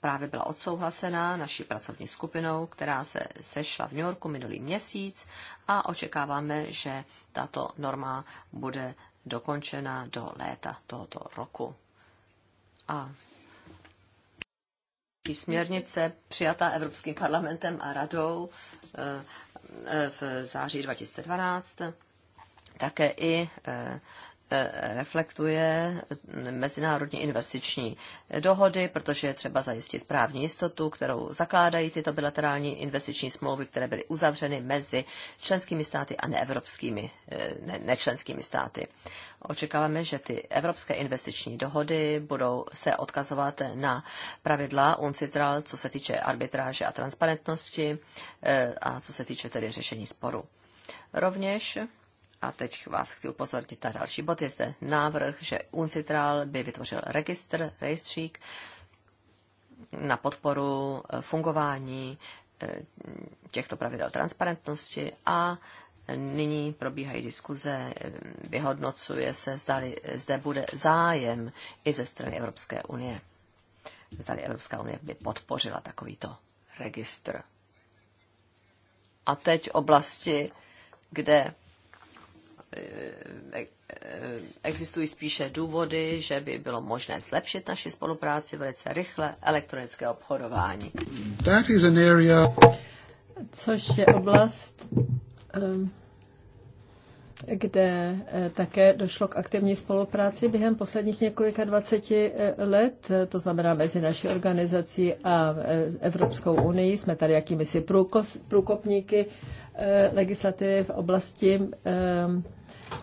právě byla odsouhlasena naší pracovní skupinou, která se sešla v New Yorku minulý měsíc a očekáváme, že tato norma bude dokončena do léta tohoto roku. A směrnice přijatá Evropským parlamentem a radou eh, eh, v září 2012 také i eh, Eh, reflektuje mezinárodní investiční dohody, protože je třeba zajistit právní jistotu, kterou zakládají tyto bilaterální investiční smlouvy, které byly uzavřeny mezi členskými státy a neevropskými, eh, ne, nečlenskými státy. Očekáváme, že ty evropské investiční dohody budou se odkazovat na pravidla UNCITRAL, co se týče arbitráže a transparentnosti eh, a co se týče tedy řešení sporu. Rovněž a teď vás chci upozornit na další bod. Je zde návrh, že UNCITRAL by vytvořil registr, rejstřík na podporu eh, fungování eh, těchto pravidel transparentnosti a nyní probíhají diskuze, eh, vyhodnocuje se, zdali zde bude zájem i ze strany Evropské unie. Zdali Evropská unie by podpořila takovýto registr. A teď oblasti, kde Eh, existují spíše důvody, že by bylo možné zlepšit naši spolupráci velice rychle elektronické obchodování. That is an area... Což je oblast, ehm, kde eh, také došlo k aktivní spolupráci během posledních několika 20 eh, let, to znamená mezi naší organizací a Evropskou unii. Jsme tady jakými si průkopníky legislativy v oblasti ehm,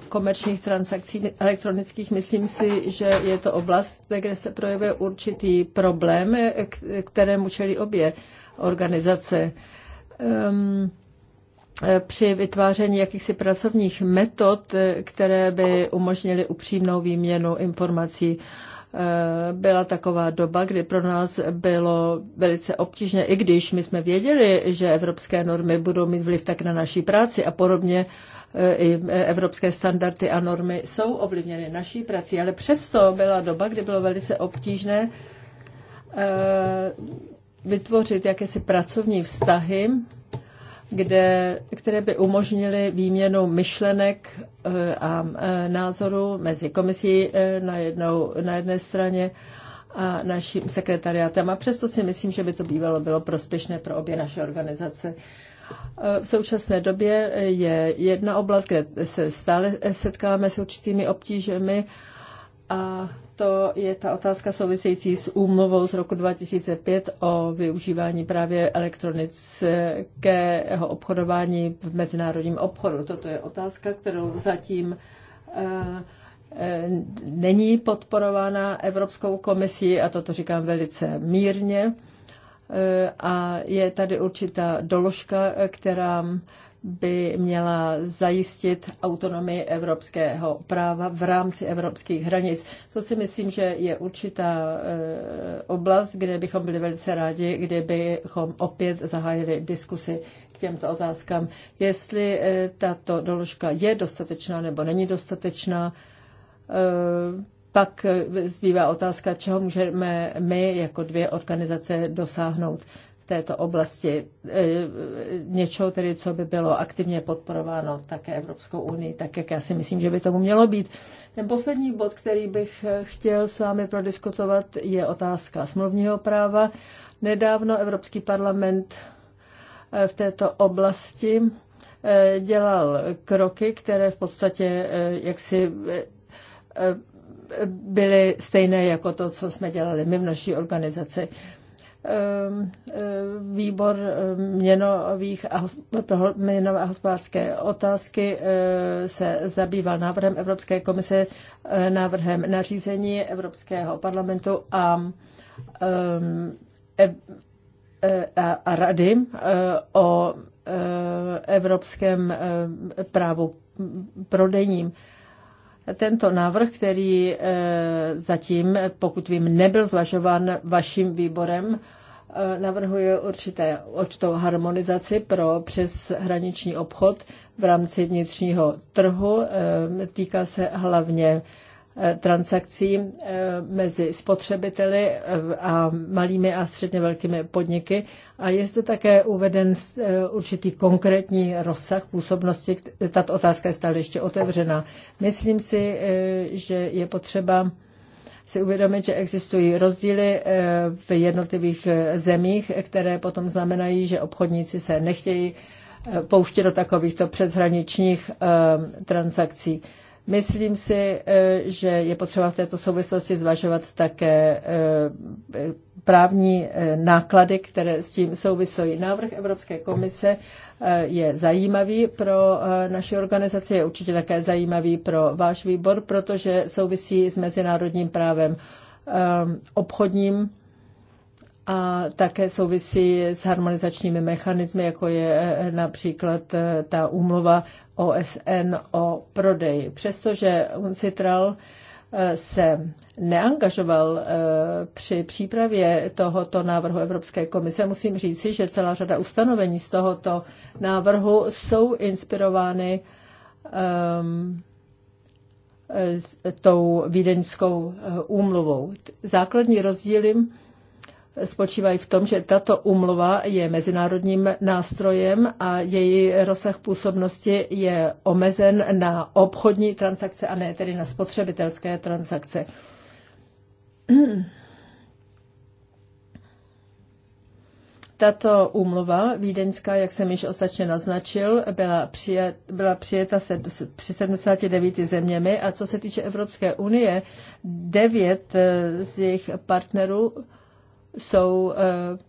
komerčních transakcí elektronických, myslím si, že je to oblast, kde se projevuje určitý problém, kterému čelí obě organizace. Um, při vytváření jakýchsi pracovních metod, které by umožnily upřímnou výměnu informací. Eh, byla taková doba, kdy pro nás bylo velice obtížné, i když my jsme věděli, že evropské normy budou mít vliv tak na naší práci a podobně eh, i eh, evropské standardy a normy jsou ovlivněny naší prací, ale přesto byla doba, kdy bylo velice obtížné vytvořit jakési pracovní vztahy kde, které by umožnily výměnu myšlenek eh, a eh, názorů mezi komisí eh, na, jednou, na jedné straně a naším sekretariátem. A přesto si myslím, že by to bývalo bylo prospěšné pro obě naše organizace. V současné době je jedna oblast, kde se stále setkáme s určitými obtížemi a to je ta otázka související s úmluvou z roku 2005 o využívání právě elektronického obchodování v mezinárodním obchodu. Toto je otázka, kterou zatím eh, není podporována Evropskou komisí, a toto říkám velice mírně. Eh, a je tady určitá doložka, která by měla zajistit autonomii evropského práva v rámci evropských hranic. To si myslím, že je určitá eh, oblast, kde bychom byli velice rádi, kdybychom opět zahájili diskusy k těmto otázkám, jestli eh, tato doložka je dostatečná nebo není dostatečná. Eh, pak zbývá otázka, čeho můžeme my jako dvě organizace dosáhnout této oblasti, e, něčeho tedy, co by bylo aktivně podporováno také Evropskou unii, tak jak já si myslím, že by tomu mělo být. Ten poslední bod, který bych e, chtěl s vámi prodiskutovat, je otázka smluvního práva. Nedávno Evropský parlament e, v této oblasti dělal kroky, které v podstatě jaksi byly stejné jako to, co jsme dělali my v naší organizaci. Ehm, ehm, výbor ehm, měnových a, měnové a hospodářské otázky se zabýval návrhem Evropské komise, návrhem nařízení Evropského parlamentu a, e-, a, a rady o evropském právu prodejním. Tento návrh, který zatím, pokud vím, nebyl zvažován vaším výborem, Eh, navrhuje určité, určitou harmonizaci pro přeshraniční obchod v rámci vnitřního trhu. Eh, týká se hlavně eh, transakcí mezi spotřebiteli a malými a středně velkými podniky. A je zde také uveden určitý konkrétní rozsah působnosti. Tato otázka je stále ještě otevřená. Myslím si, že je potřeba si uvědomit, že existují rozdíly eh, v jednotlivých eh, zemích, které potom znamenají, že obchodníci se nechtějí eh, pouštět do takovýchto přeshraničních transakcí. Myslím si, eh, že je potřeba v této souvislosti zvažovat také eh, právní eh, náklady, které s tím souvisí. Návrh Evropské komise je zajímavý pro naši organizaci, je určitě také zajímavý pro váš výbor, protože souvisí s mezinárodním právem obchodním a také souvisí s harmonizačními mechanismy, jako je eh, například eh, ta úmluva OSN o prodeji. Přestože Uncitral eh, se neangažoval při přípravě tohoto návrhu Evropské komise, musím říci, že celá řada ustanovení z tohoto návrhu jsou inspirovány um, tou vídeňskou úmluvou. Základní rozdíly spočívají v tom, že tato umlova je mezinárodním nástrojem a její rozsah působnosti je omezen na obchodní transakce a ne tedy na spotřebitelské transakce. Tato úmluva vídeňská, jak jsem již ostatně naznačil, byla, přijet, byla přijeta se, při 79 zeměmi a co se týče Evropské unie, devět eh, z jejich partnerů jsou eh,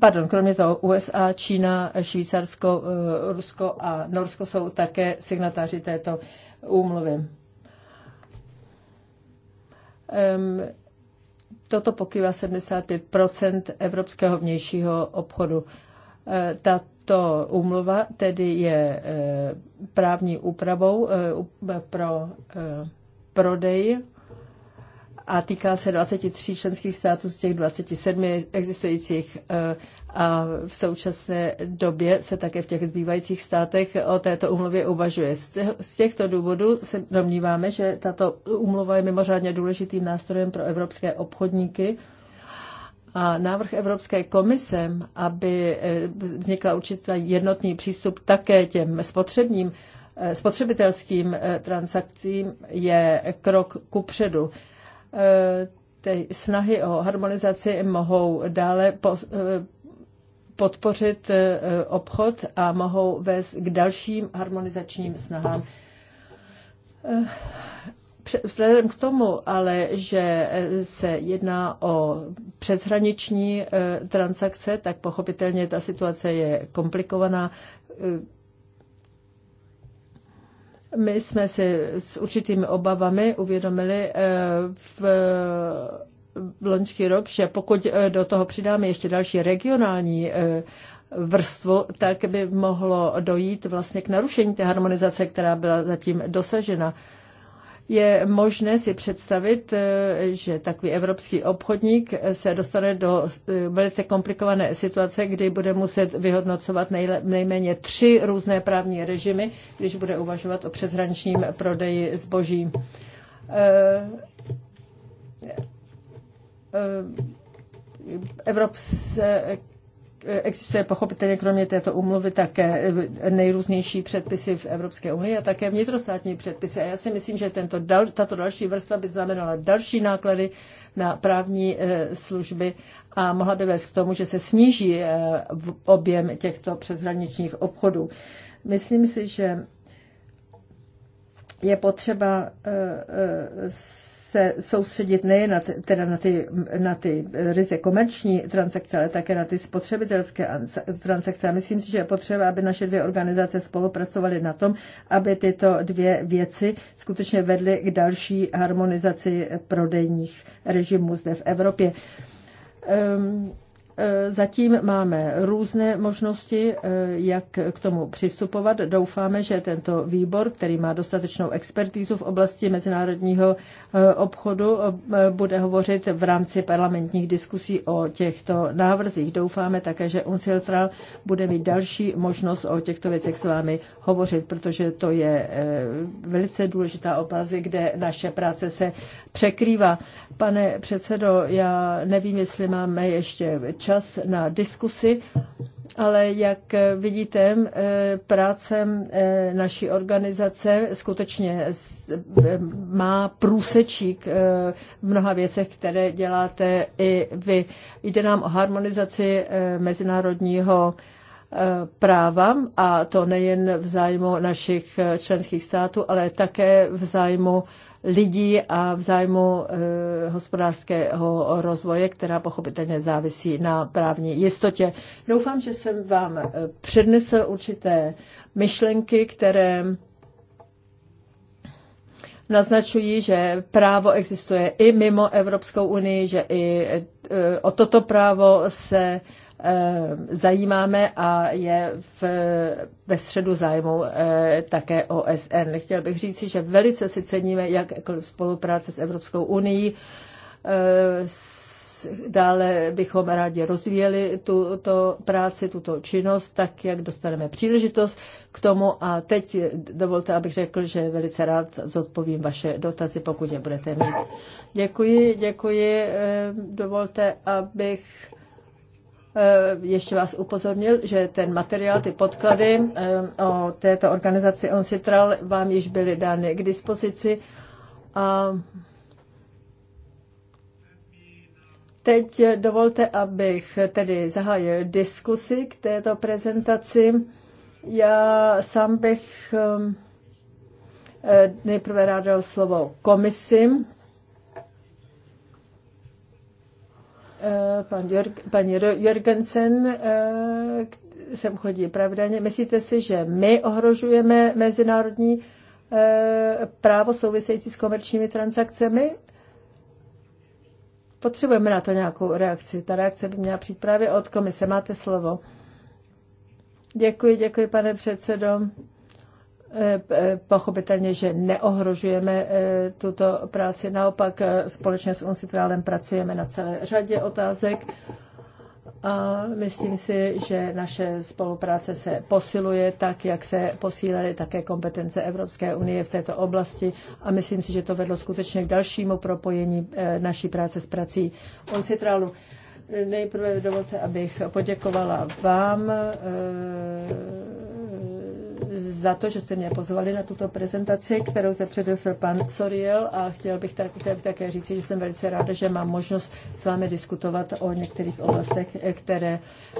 Pardon, kromě toho USA, Čína, Švýcarsko, eh, Rusko a Norsko jsou také signatáři této úmluvy. Toto pokrývá 75 evropského vnějšího obchodu. Eh, tato úmluva tedy je právní úpravou pro prodej a týká se 23 členských států z těch 27 existujících eh, a v současné době se také v těch zbývajících státech o této umluvě uvažuje. Z těchto důvodů se domníváme, že tato umluva je mimořádně důležitým nástrojem pro evropské obchodníky, a návrh Evropské komise, aby eh, vznikla určitý jednotný přístup také těm spotřebním, eh, spotřebitelským transakcím, je krok ku předu. Eh, ty snahy o harmonizaci mohou dále eh, podpořit eh, obchod a mohou vést k dalším harmonizačním snahám. Vzhledem k tomu ale, že se jedná o přeshraniční transakce, tak pochopitelně ta situace je komplikovaná. My jsme si s určitými obavami uvědomili eh, v loňský rok, že pokud eh, do toho přidáme ještě další regionální eh, vrstvu, tak by mohlo dojít vlastně k narušení té harmonizace, která byla zatím dosažena je možné si představit, eh, že takový evropský obchodník se dostane do eh, velice komplikované situace, kdy bude muset vyhodnocovat nejméně tři různé právní režimy, když bude uvažovat o přeshraničním prodeji zboží eh, evropské Existuje pochopitelně kromě této umluvy také eh, nejrůznější předpisy v Evropské unii a také vnitrostátní předpisy. A já si myslím, že tento, tato další vrstva by znamenala další náklady na právní eh, služby a mohla by vést k tomu, že se sníží eh, objem těchto přeshraničních obchodů. Myslím si, že je potřeba se soustředit nejen na, teda na, ty, na ty eh, ryze komerční transakce, ale také na ty spotřebitelské transakce. A myslím si, že je potřeba, aby naše dvě organizace spolupracovaly na tom, aby tyto dvě věci skutečně vedly k další harmonizaci prodejních režimů zde v Evropě. Um, Eh, zatím máme různé možnosti, eh, jak k tomu přistupovat. Doufáme, že tento výbor, který má dostatečnou expertízu v oblasti mezinárodního eh, obchodu, bude hovořit v rámci parlamentních diskusí o těchto návrzích. Doufáme také, že UNCILTRAL bude mít další možnost o těchto věcech s vámi hovořit, protože to je velice důležitá oblast, kde naše práce se překrývá. Pane předsedo, já nevím, jestli máme ještě čas na diskusy, ale jak vidíte, eh, práce eh, naší organizace skutečně eh, má průsečík v mnoha věcech, které děláte i vy. Jde nám o harmonizaci mezinárodního práva a to nejen v zájmu našich členských států, ale také v zájmu lidí a v zájmu eh, hospodářského rozvoje, která pochopitelně závisí na právní jistotě. Doufám, že jsem vám eh, přednesl určité myšlenky, které naznačují, že právo existuje i mimo Evropskou unii, že i eh, o toto právo se Eh, zajímáme a je v, ve středu zájmu eh, také OSN. Chtěl bych říci, že velice si ceníme jak spolupráce s Evropskou unii. Eh, dále bychom rádi rozvíjeli tuto práci, tuto činnost, tak jak dostaneme příležitost k tomu. A teď dovolte, abych řekl, že velice rád zodpovím vaše dotazy, pokud je budete mít. Děkuji, děkuji. Dovolte, abych Eh, ještě vás upozornil, že ten materiál, ty podklady eh, o této organizaci OnCitral vám již byly dány k dispozici. A teď dovolte, abych tedy zahájil diskusi k této prezentaci. Já sám bych eh, nejprve rád dal slovo komisím Eh, pan, Jörg, pan Jorgensen, eh, sem chodí pravidelně. Myslíte si, že my ohrožujeme mezinárodní eh, právo související s komerčními transakcemi? Potřebujeme na to nějakou reakci. Ta reakce by měla přijít právě od komise. Máte slovo. Děkuji, děkuji, pane předsedo. Eh, pochopitelně, že neohrožujeme eh, tuto práci, naopak eh, společně s Uncitrálem pracujeme na celé řadě otázek a myslím si, že naše spolupráce se posiluje tak, jak se posílaly také kompetence Evropské unie v této oblasti a myslím si, že to vedlo skutečně k dalšímu propojení naší práce s prací Uncitralu. Nejprve dovolte, abych poděkovala vám za to, že jste mě pozvali na tuto prezentaci, kterou se přednesl pan Soriel a chtěl bych, tak, chtěl bych také říci, že jsem velice ráda, že mám možnost s vámi diskutovat o některých oblastech, které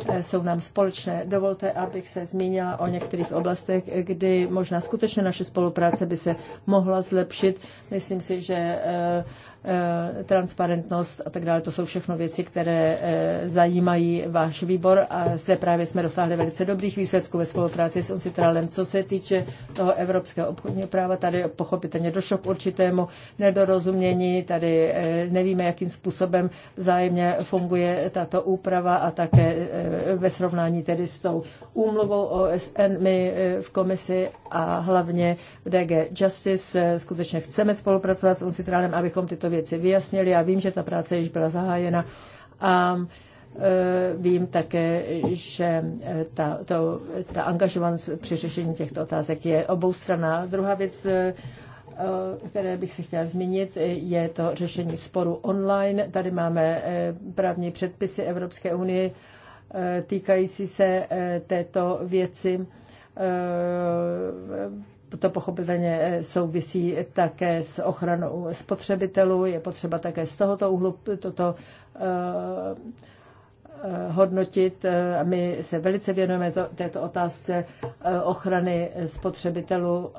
eh, jsou nám společné. Dovolte, abych se zmínila o některých oblastech, kdy možná skutečně naše spolupráce by se mohla zlepšit. Myslím si, že eh, Eh, transparentnost a tak dále. To jsou všechno věci, které eh, zajímají váš výbor a zde právě jsme dosáhli velice dobrých výsledků ve spolupráci s UNCITRALem. Co se týče toho evropského obchodního práva, tady pochopitelně došlo k určitému nedorozumění, tady eh, nevíme, jakým způsobem zájemně funguje tato úprava a také ve srovnání tedy s tou úmluvou OSN my v komisi a hlavně v DG Justice skutečně chceme spolupracovat s UNCITRALem, abychom tyto věci vyjasnili. Já vím, že ta práce již byla zahájena a e, Vím také, že e, ta, to, ta angažovanost při řešení těchto otázek je oboustraná. Druhá věc, e, které bych se chtěla zmínit, je to řešení sporu online. Tady máme právní předpisy Evropské unie týkající se této věci to pochopitelně eh, souvisí také s ochranou spotřebitelů. Je potřeba také z tohoto úhlu toto eh, eh, hodnotit. My se velice věnujeme to, této otázce ochrany spotřebitelů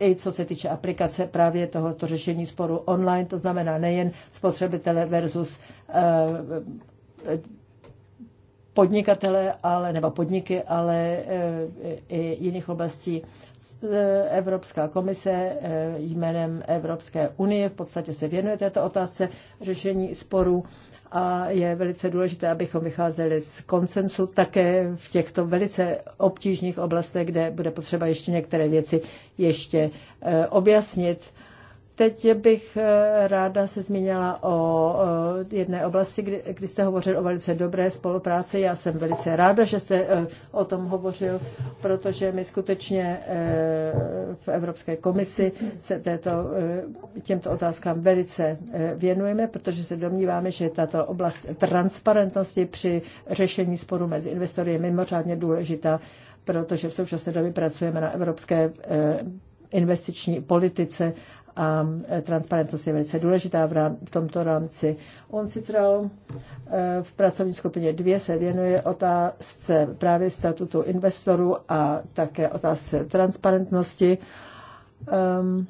i co se týče aplikace právě tohoto řešení sporu online, to znamená nejen spotřebitele versus podnikatele, ale, nebo podniky, ale i jiných oblastí Evropská komise eh, jménem Evropské unie v podstatě se věnuje této otázce řešení sporů a je velice důležité, abychom vycházeli z koncensu také v těchto velice obtížných oblastech, kde bude potřeba ještě některé věci ještě eh, objasnit. Teď bych eh, ráda se zmínila o eh, jedné oblasti, kdy, kdy jste hovořil o velice dobré spolupráci. Já jsem velice ráda, že jste eh, o tom hovořil, protože my skutečně v Evropské komisi se této, těmto otázkám velice věnujeme, protože se domníváme, že tato oblast transparentnosti při řešení sporu mezi investory je mimořádně důležitá, protože v současné době pracujeme na evropské investiční politice a transparentnost je velice důležitá v, rám, v tomto rámci. On Citral e, v pracovní skupině 2 se věnuje otázce právě statutu investorů a také otázce transparentnosti. Um,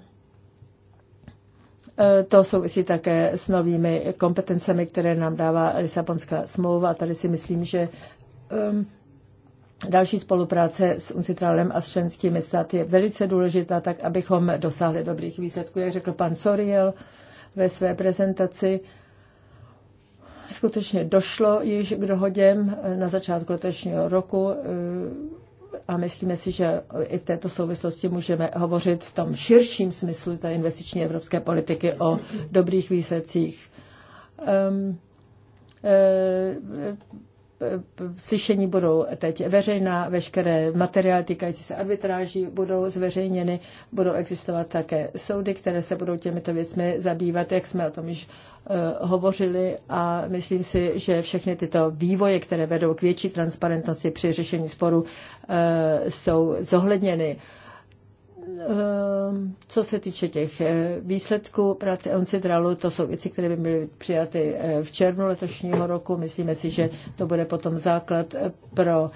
to souvisí také s novými kompetencemi, které nám dává Lisabonská smlouva. A tady si myslím, že um, Další spolupráce s UNCITRALem a s členskými státy je velice důležitá, tak abychom dosáhli dobrých výsledků. Jak řekl pan Soriel ve své prezentaci, skutečně došlo již k dohodem na začátku letošního roku eh, a myslíme si, že i v této souvislosti můžeme hovořit v tom širším smyslu té investiční evropské politiky o dobrých výsledcích. Um, slyšení budou teď veřejná, veškeré materiály týkající se arbitráží budou zveřejněny, budou existovat také soudy, které se budou těmito věcmi zabývat, jak jsme o tom již eh, hovořili a myslím si, že všechny tyto vývoje, které vedou k větší transparentnosti při řešení sporu, eh, jsou zohledněny. Ehm, co se týče těch eh, výsledků práce Oncidralu, to jsou věci, které by byly přijaty eh, v červnu letošního roku. Myslíme si, že to bude potom základ eh, pro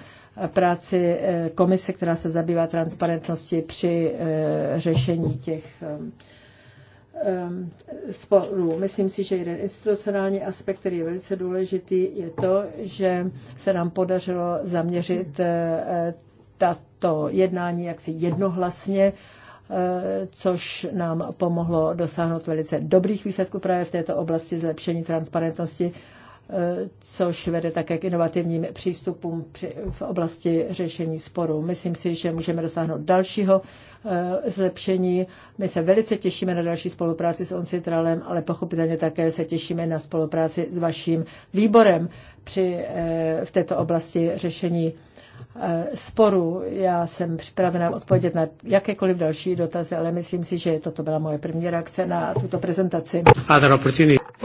práci komise, která se zabývá transparentností při řešení těch ehm, ehm, sporů. Myslím si, že jeden institucionální aspekt, který je velice důležitý, je to, že se nám podařilo zaměřit ta to jednání jaksi jednohlasně, eh, což nám pomohlo dosáhnout velice dobrých výsledků právě v této oblasti zlepšení transparentnosti, eh, což vede také k inovativním přístupům v oblasti řešení sporů. Myslím si, že můžeme dosáhnout dalšího eh, zlepšení. My se velice těšíme na další spolupráci s Oncitralem, ale pochopitelně také se těšíme na spolupráci s vaším výborem při, v této oblasti řešení Eh, sporu Já jsem připravena odpovědět na jakékoliv další dotazy, ale myslím si, že toto byla moje první reakce na tuto prezentaci.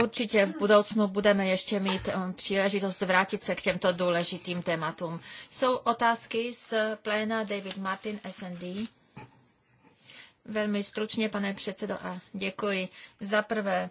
Určitě v budoucnu budeme ještě mít eh, příležitost vrátit se k těmto důležitým tématům. Jsou otázky z pléna David Martin, SND. Velmi stručně, pane předsedo, a děkuji. Za prvé,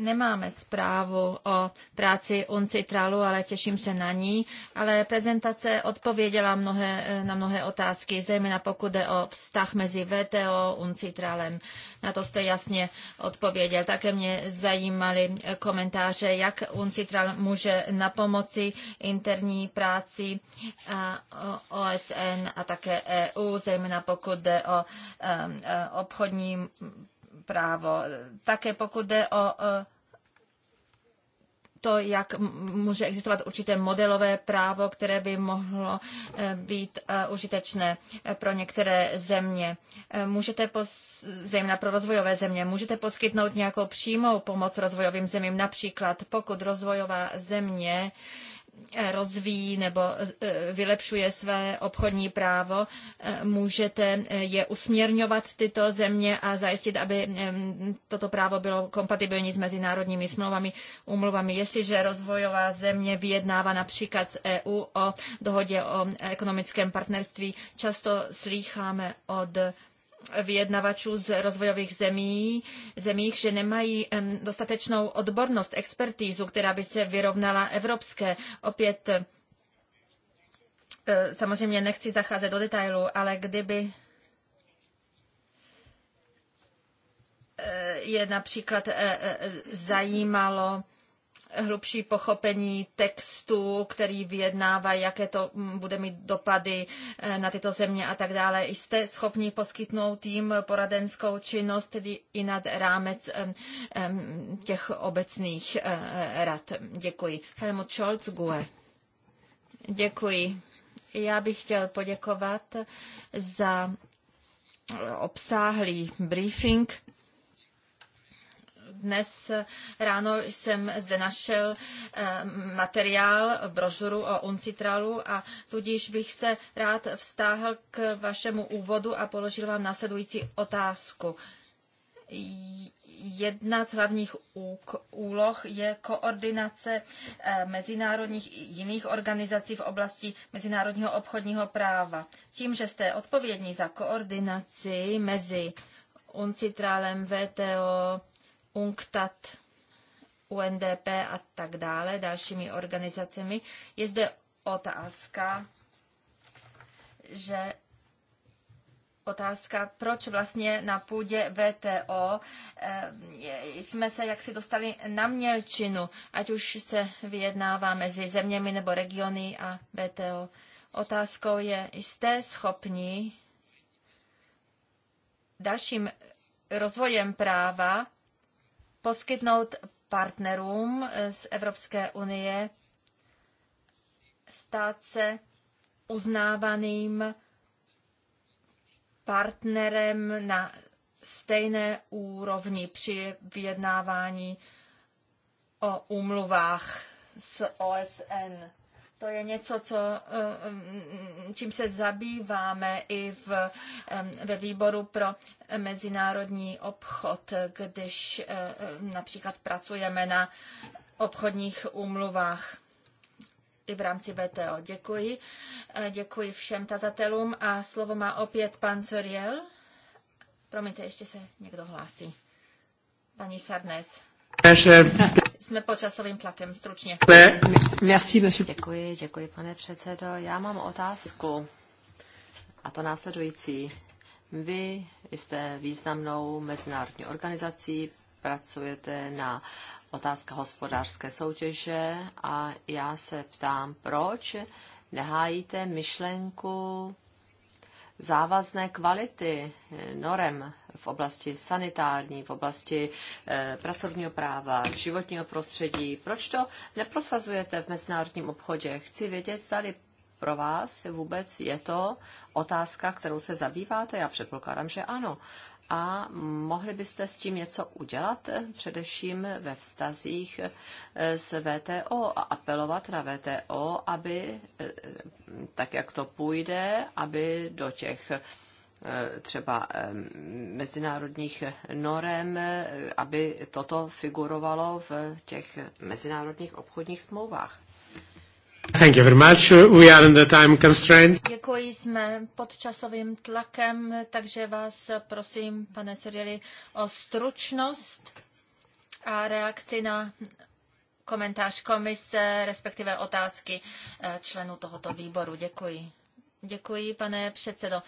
nemáme zprávu o práci UNCITRALu, ale těším se na ní. Ale prezentace odpověděla mnohé, eh, na mnohé otázky, zejména pokud jde o vztah mezi VTO UNCITRALem. Na to jste jasně odpověděl. Také mě zajímaly komentáře, jak UNCITRAL může na pomoci interní práci eh, OSN a také EU, zejména pokud jde o eh, obchodní právo. Také pokud jde o to, jak může existovat určité modelové právo, které by mohlo e, být e, užitečné e, pro některé země. Můžete, pos, zejména pro rozvojové země, můžete poskytnout nějakou přímou pomoc rozvojovým zemím, například pokud rozvojová země rozvíjí nebo eh, vylepšuje své obchodní právo, eh, můžete eh, je usměrňovat tyto země a zajistit, aby toto právo bylo kompatibilní s mezinárodními smlouvami, umluvami. Jestliže rozvojová země vyjednává například s EU o dohodě o ekonomickém partnerství, často slýcháme od vyjednavačů z rozvojových zemí, zemích, že nemají dostatečnou odbornost, expertízu, která by se vyrovnala evropské. Opět eh, samozřejmě nechci zacházet do detailu, ale kdyby eh, je například eh, zajímalo, hlubší pochopení textu, který vyjednává, jaké to mm, bude mít dopady eh, na tyto země a tak dále. Jste schopni poskytnout jim poradenskou činnost, tedy i nad rámec těch obecných eh, rad. Děkuji. Helmut Scholz, GUE. Děkuji. Já bych chtěl poděkovat za obsáhlý briefing dnes ráno jsem zde našel eh, materiál, brožuru o uncitralu a tudíž bych se rád vztáhl k vašemu úvodu a položil vám následující otázku jedna z hlavních úloh je koordinace eh, mezinárodních i jiných organizací v oblasti mezinárodního obchodního práva. Tím, že jste odpovědní za koordinaci mezi UNCITRALem, VTO, UNCTAD, UNDP a tak dále, dalšími organizacemi, je zde otázka, že otázka, proč vlastně na půdě VTO eh, jsme se jaksi dostali na mělčinu, ať už se vyjednává mezi zeměmi nebo regiony a VTO. Otázkou je, jste schopni dalším rozvojem práva poskytnout partnerům eh, z Evropské unie stát se uznávaným partnerem na stejné úrovni při vyjednávání o úmluvách s OSN. To je něco, co, eh, čím se zabýváme i v, eh, ve výboru pro mezinárodní obchod, když eh, například pracujeme na obchodních úmluvách i v rámci VTO. Děkuji. Děkuji všem tazatelům a slovo má opět pan Soriel. Promiňte, ještě se někdo hlásí. Paní Sarnes. Jsme pod časovým tlakem, stručně. Merci, děkuji, děkuji, pane předsedo. Já mám otázku, a to následující. Vy jste významnou mezinárodní organizací, pracujete na otázka hospodářské soutěže a já se ptám, proč nehájíte myšlenku závazné kvality eh, norem v oblasti sanitární, v oblasti eh, pracovního práva, životního prostředí. Proč to neprosazujete v mezinárodním obchodě? Chci vědět, zdali pro vás vůbec je to otázka, kterou se zabýváte? Já předpokládám, že ano a mohli byste s tím něco udělat, eh, především ve vztazích eh, s VTO a apelovat na VTO, aby eh, tak, jak to půjde, aby do těch třeba mezinárodních norem, aby toto figurovalo v těch mezinárodních obchodních smlouvách. Thank you very much. We are the time constraints. Děkuji, jsme pod časovým tlakem, takže vás prosím, pane Sorieli, o stručnost a reakci na komentář komise, respektive otázky eh, členů tohoto výboru. Děkuji. Děkuji, pane předsedo.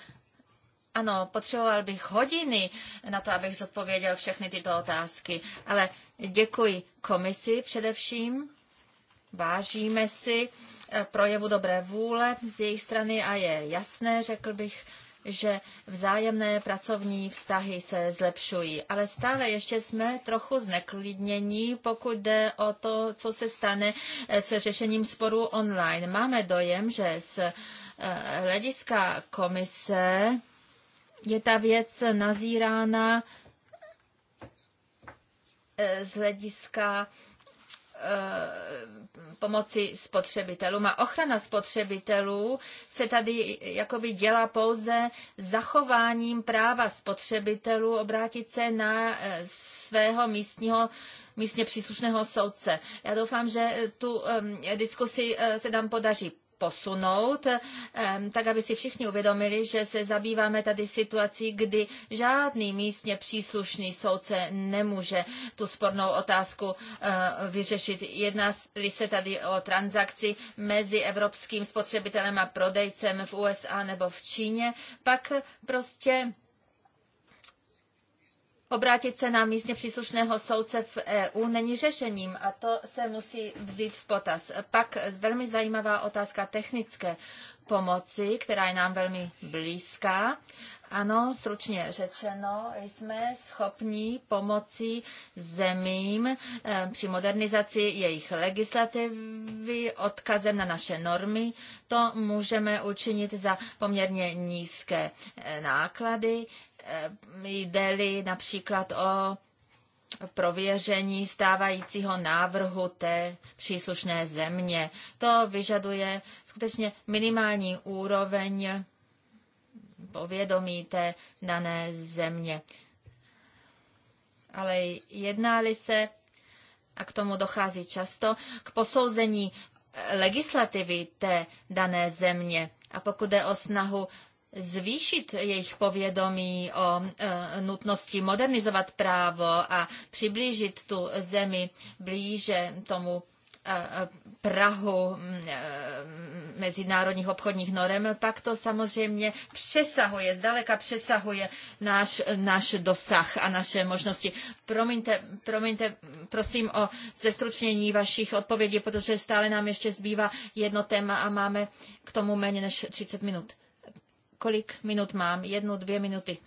Ano, potřeboval bych hodiny na to, abych zodpověděl všechny tyto otázky, ale děkuji komisi především Vážíme si eh, projevu dobré vůle z jejich strany a je jasné, řekl bych, že vzájemné pracovní vztahy se zlepšují. Ale stále ještě jsme trochu zneklidnění, pokud jde o to, co se stane eh, s řešením sporů online. Máme dojem, že z eh, hlediska komise je ta věc nazírána z hlediska Eh, pomoci spotřebitelům. A ochrana spotřebitelů se tady jakoby dělá pouze zachováním práva spotřebitelů obrátit se na eh, svého místního místně příslušného soudce. Já doufám, že tu um, diskusi se nám podaří posunout, tak aby si všichni uvědomili, že se zabýváme tady situací, kdy žádný místně příslušný soudce nemůže tu spornou otázku eh, vyřešit. Jedná se tady o transakci mezi evropským spotřebitelem a prodejcem v USA nebo v Číně, pak prostě obrátit se na místně příslušného soudce v EU není řešením a to se musí vzít v potaz. Pak velmi zajímavá otázka technické pomoci, která je nám velmi blízká. Ano, stručně řečeno, jsme schopni pomoci zemím e, při modernizaci jejich legislativy odkazem na naše normy. To můžeme učinit za poměrně nízké e, náklady jde-li například o prověření stávajícího návrhu té příslušné země. To vyžaduje skutečně minimální úroveň povědomí té dané země. Ale jednáli se, a k tomu dochází často, k posouzení legislativy té dané země. A pokud jde o snahu zvýšit jejich povědomí o e, nutnosti modernizovat právo a přiblížit tu zemi blíže tomu e, Prahu e, mezinárodních obchodních norem, pak to samozřejmě přesahuje, zdaleka přesahuje náš, náš dosah a naše možnosti. Promiňte, promiňte prosím o zestručnění vašich odpovědí, protože stále nám ještě zbývá jedno téma a máme k tomu méně než 30 minut. Kolik minut mám? Jednu, dvě minuty.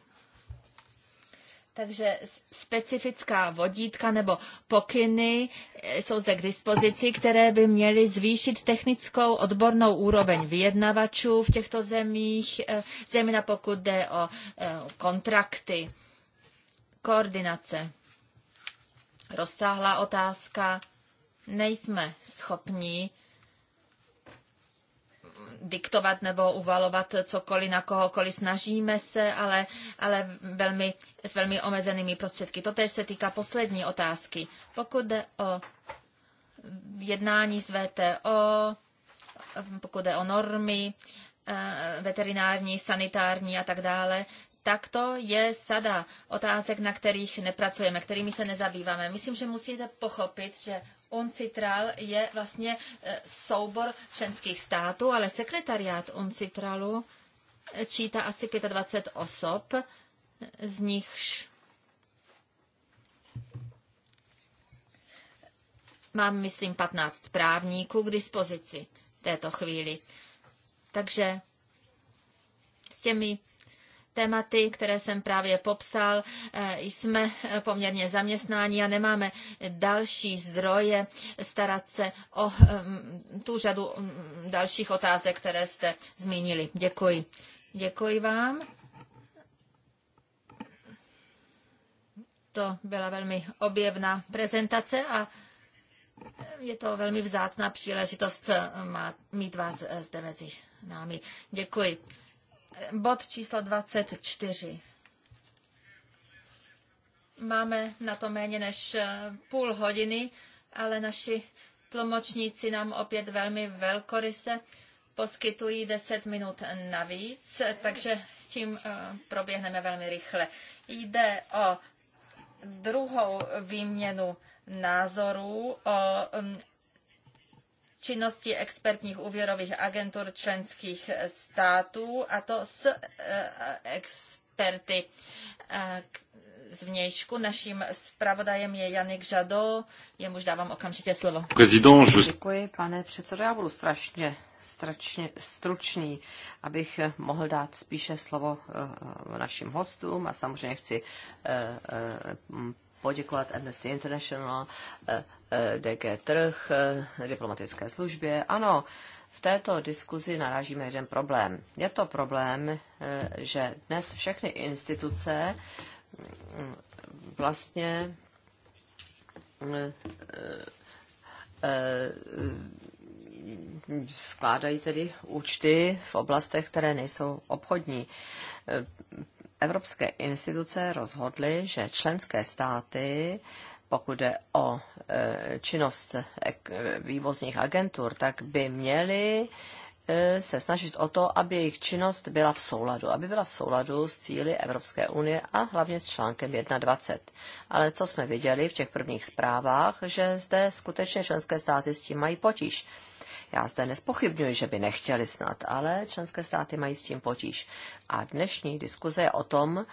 Takže specifická vodítka nebo pokyny eh, jsou zde k dispozici, které by měly zvýšit technickou odbornou úroveň vyjednavačů v těchto zemích, eh, zejména pokud jde eh, o kontrakty, koordinace. Rozsáhlá otázka. Nejsme schopni diktovat nebo uvalovat cokoliv na kohokoliv. Snažíme se, ale, ale velmi, s velmi omezenými prostředky. Totež se týká poslední otázky. Pokud jde o jednání s VTO, pokud jde o normy, eh, veterinární, sanitární a tak dále, tak to je sada otázek, na kterých nepracujeme, kterými se nezabýváme. Myslím, že musíte pochopit, že UNCITRAL je vlastně eh, soubor členských států, ale sekretariát UNCITRALu eh, čítá asi 25 osob, eh, z nichž mám, myslím, 15 právníků k dispozici této chvíli. Takže s těmi tématy, které jsem právě popsal, eh, jsme poměrně zaměstnáni a nemáme další zdroje starat se o eh, tu řadu dalších otázek, které jste zmínili. Děkuji. Děkuji vám. To byla velmi objevná prezentace a je to velmi vzácná příležitost eh, mít vás zde mezi námi. Děkuji. Bod číslo 24. Máme na to méně než eh, půl hodiny, ale naši tlumočníci nám opět velmi velkoryse poskytují 10 minut navíc, takže tím eh, proběhneme velmi rychle. Jde o druhou výměnu názorů o mm, činnosti expertních úvěrových agentur členských států a to s eh, experty eh, z vnějšku. Naším zpravodajem je Janik Žado, jemuž dávám okamžitě slovo. Prezident, Děkuji, pane předsedo, já budu strašně stračně, stručný, abych mohl dát spíše slovo eh, našim hostům a samozřejmě chci poděkovat Amnesty International Eh, DG Trh, eh, diplomatické službě. Ano, v této diskuzi narážíme jeden problém. Je to problém, eh, že dnes všechny instituce mm, vlastně skládají tedy účty v oblastech, které nejsou obchodní. Evropské instituce rozhodly, že členské státy, pokud jde o Eh, činnost eh, eh, vývozních agentur, tak by měli se snažit o to, aby jejich činnost byla v souladu, aby byla v souladu s cíly Evropské unie a hlavně s článkem 21. Ale co jsme viděli v těch prvních zprávách, že zde skutečně členské státy s tím mají potíž. Já zde nespochybnuji, že by nechtěli snad, ale členské státy mají s tím potíž. A dnešní diskuze je o tom,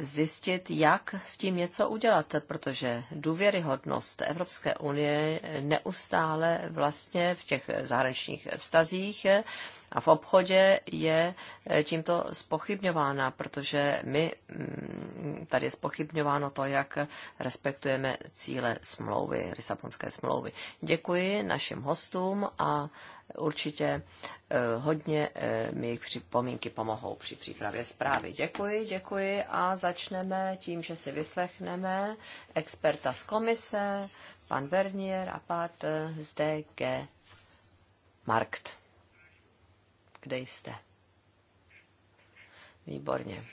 zjistit, jak s tím něco udělat, protože důvěryhodnost Evropské unie neustále vlastně v těch zahraničních vztazích a v obchodě je eh, tímto spochybňována, protože my mm, tady je spochybňováno to, jak respektujeme cíle smlouvy, Lisabonské smlouvy. Děkuji našim hostům a určitě eh, hodně eh, mi jejich připomínky pomohou při přípravě zprávy. Děkuji, děkuji a začneme tím, že si vyslechneme experta z komise, pan Bernier a pát z DG Markt kde jste. Výborně.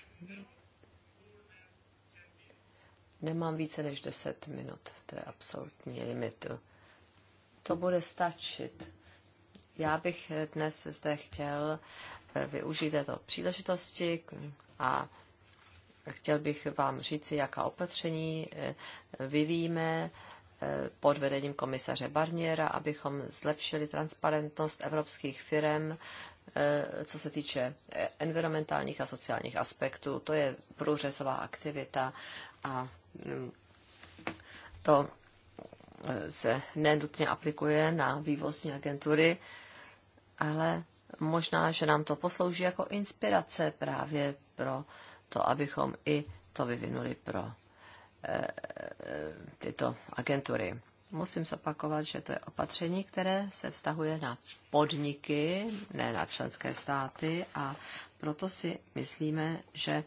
Nemám více než 10 minut, to je absolutní limit. To bude stačit. Já bych dnes zde chtěl eh, využít této příležitosti a chtěl bych vám říci, jaká opatření eh, vyvíjíme eh, pod vedením komisaře Barniera, abychom zlepšili transparentnost evropských firm Eh, co se týče eh, environmentálních a sociálních aspektů. To je průřezová aktivita a mm, to eh, se nenutně aplikuje na vývozní agentury, ale možná, že nám to poslouží jako inspirace právě pro to, abychom i to vyvinuli pro tyto agentury musím zopakovat, že to je opatření, které se vztahuje na podniky, ne na členské státy a proto si myslíme, že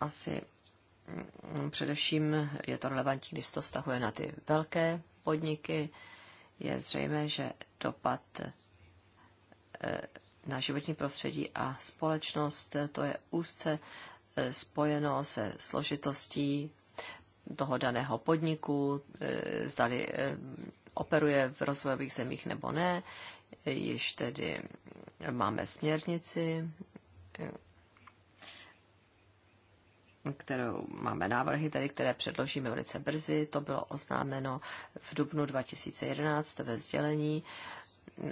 asi mm, především je to relevantní, když to vztahuje na ty velké podniky. Je zřejmé, že dopad e, na životní prostředí a společnost, to je úzce e, spojeno se složitostí toho daného podniku, e, zdali e, operuje v rozvojových zemích nebo ne. Již tedy máme směrnici, e, kterou máme návrhy, tedy, které předložíme velice brzy. To bylo oznámeno v dubnu 2011 ve sdělení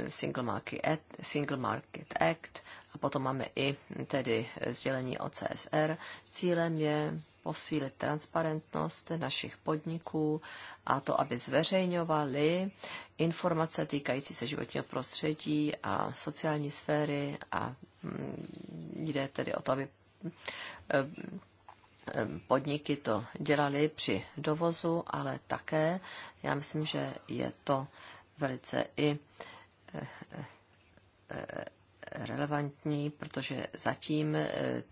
Single Market Act, Single Market Act a potom máme i tedy sdělení o CSR. Cílem je posílit transparentnost našich podniků a to, aby zveřejňovali informace týkající se životního prostředí a sociální sféry a mm, jde tedy o to, aby mm, mm, podniky to dělali při dovozu, ale také já myslím, že je to velice i eh, eh, relevantní, protože zatím eh,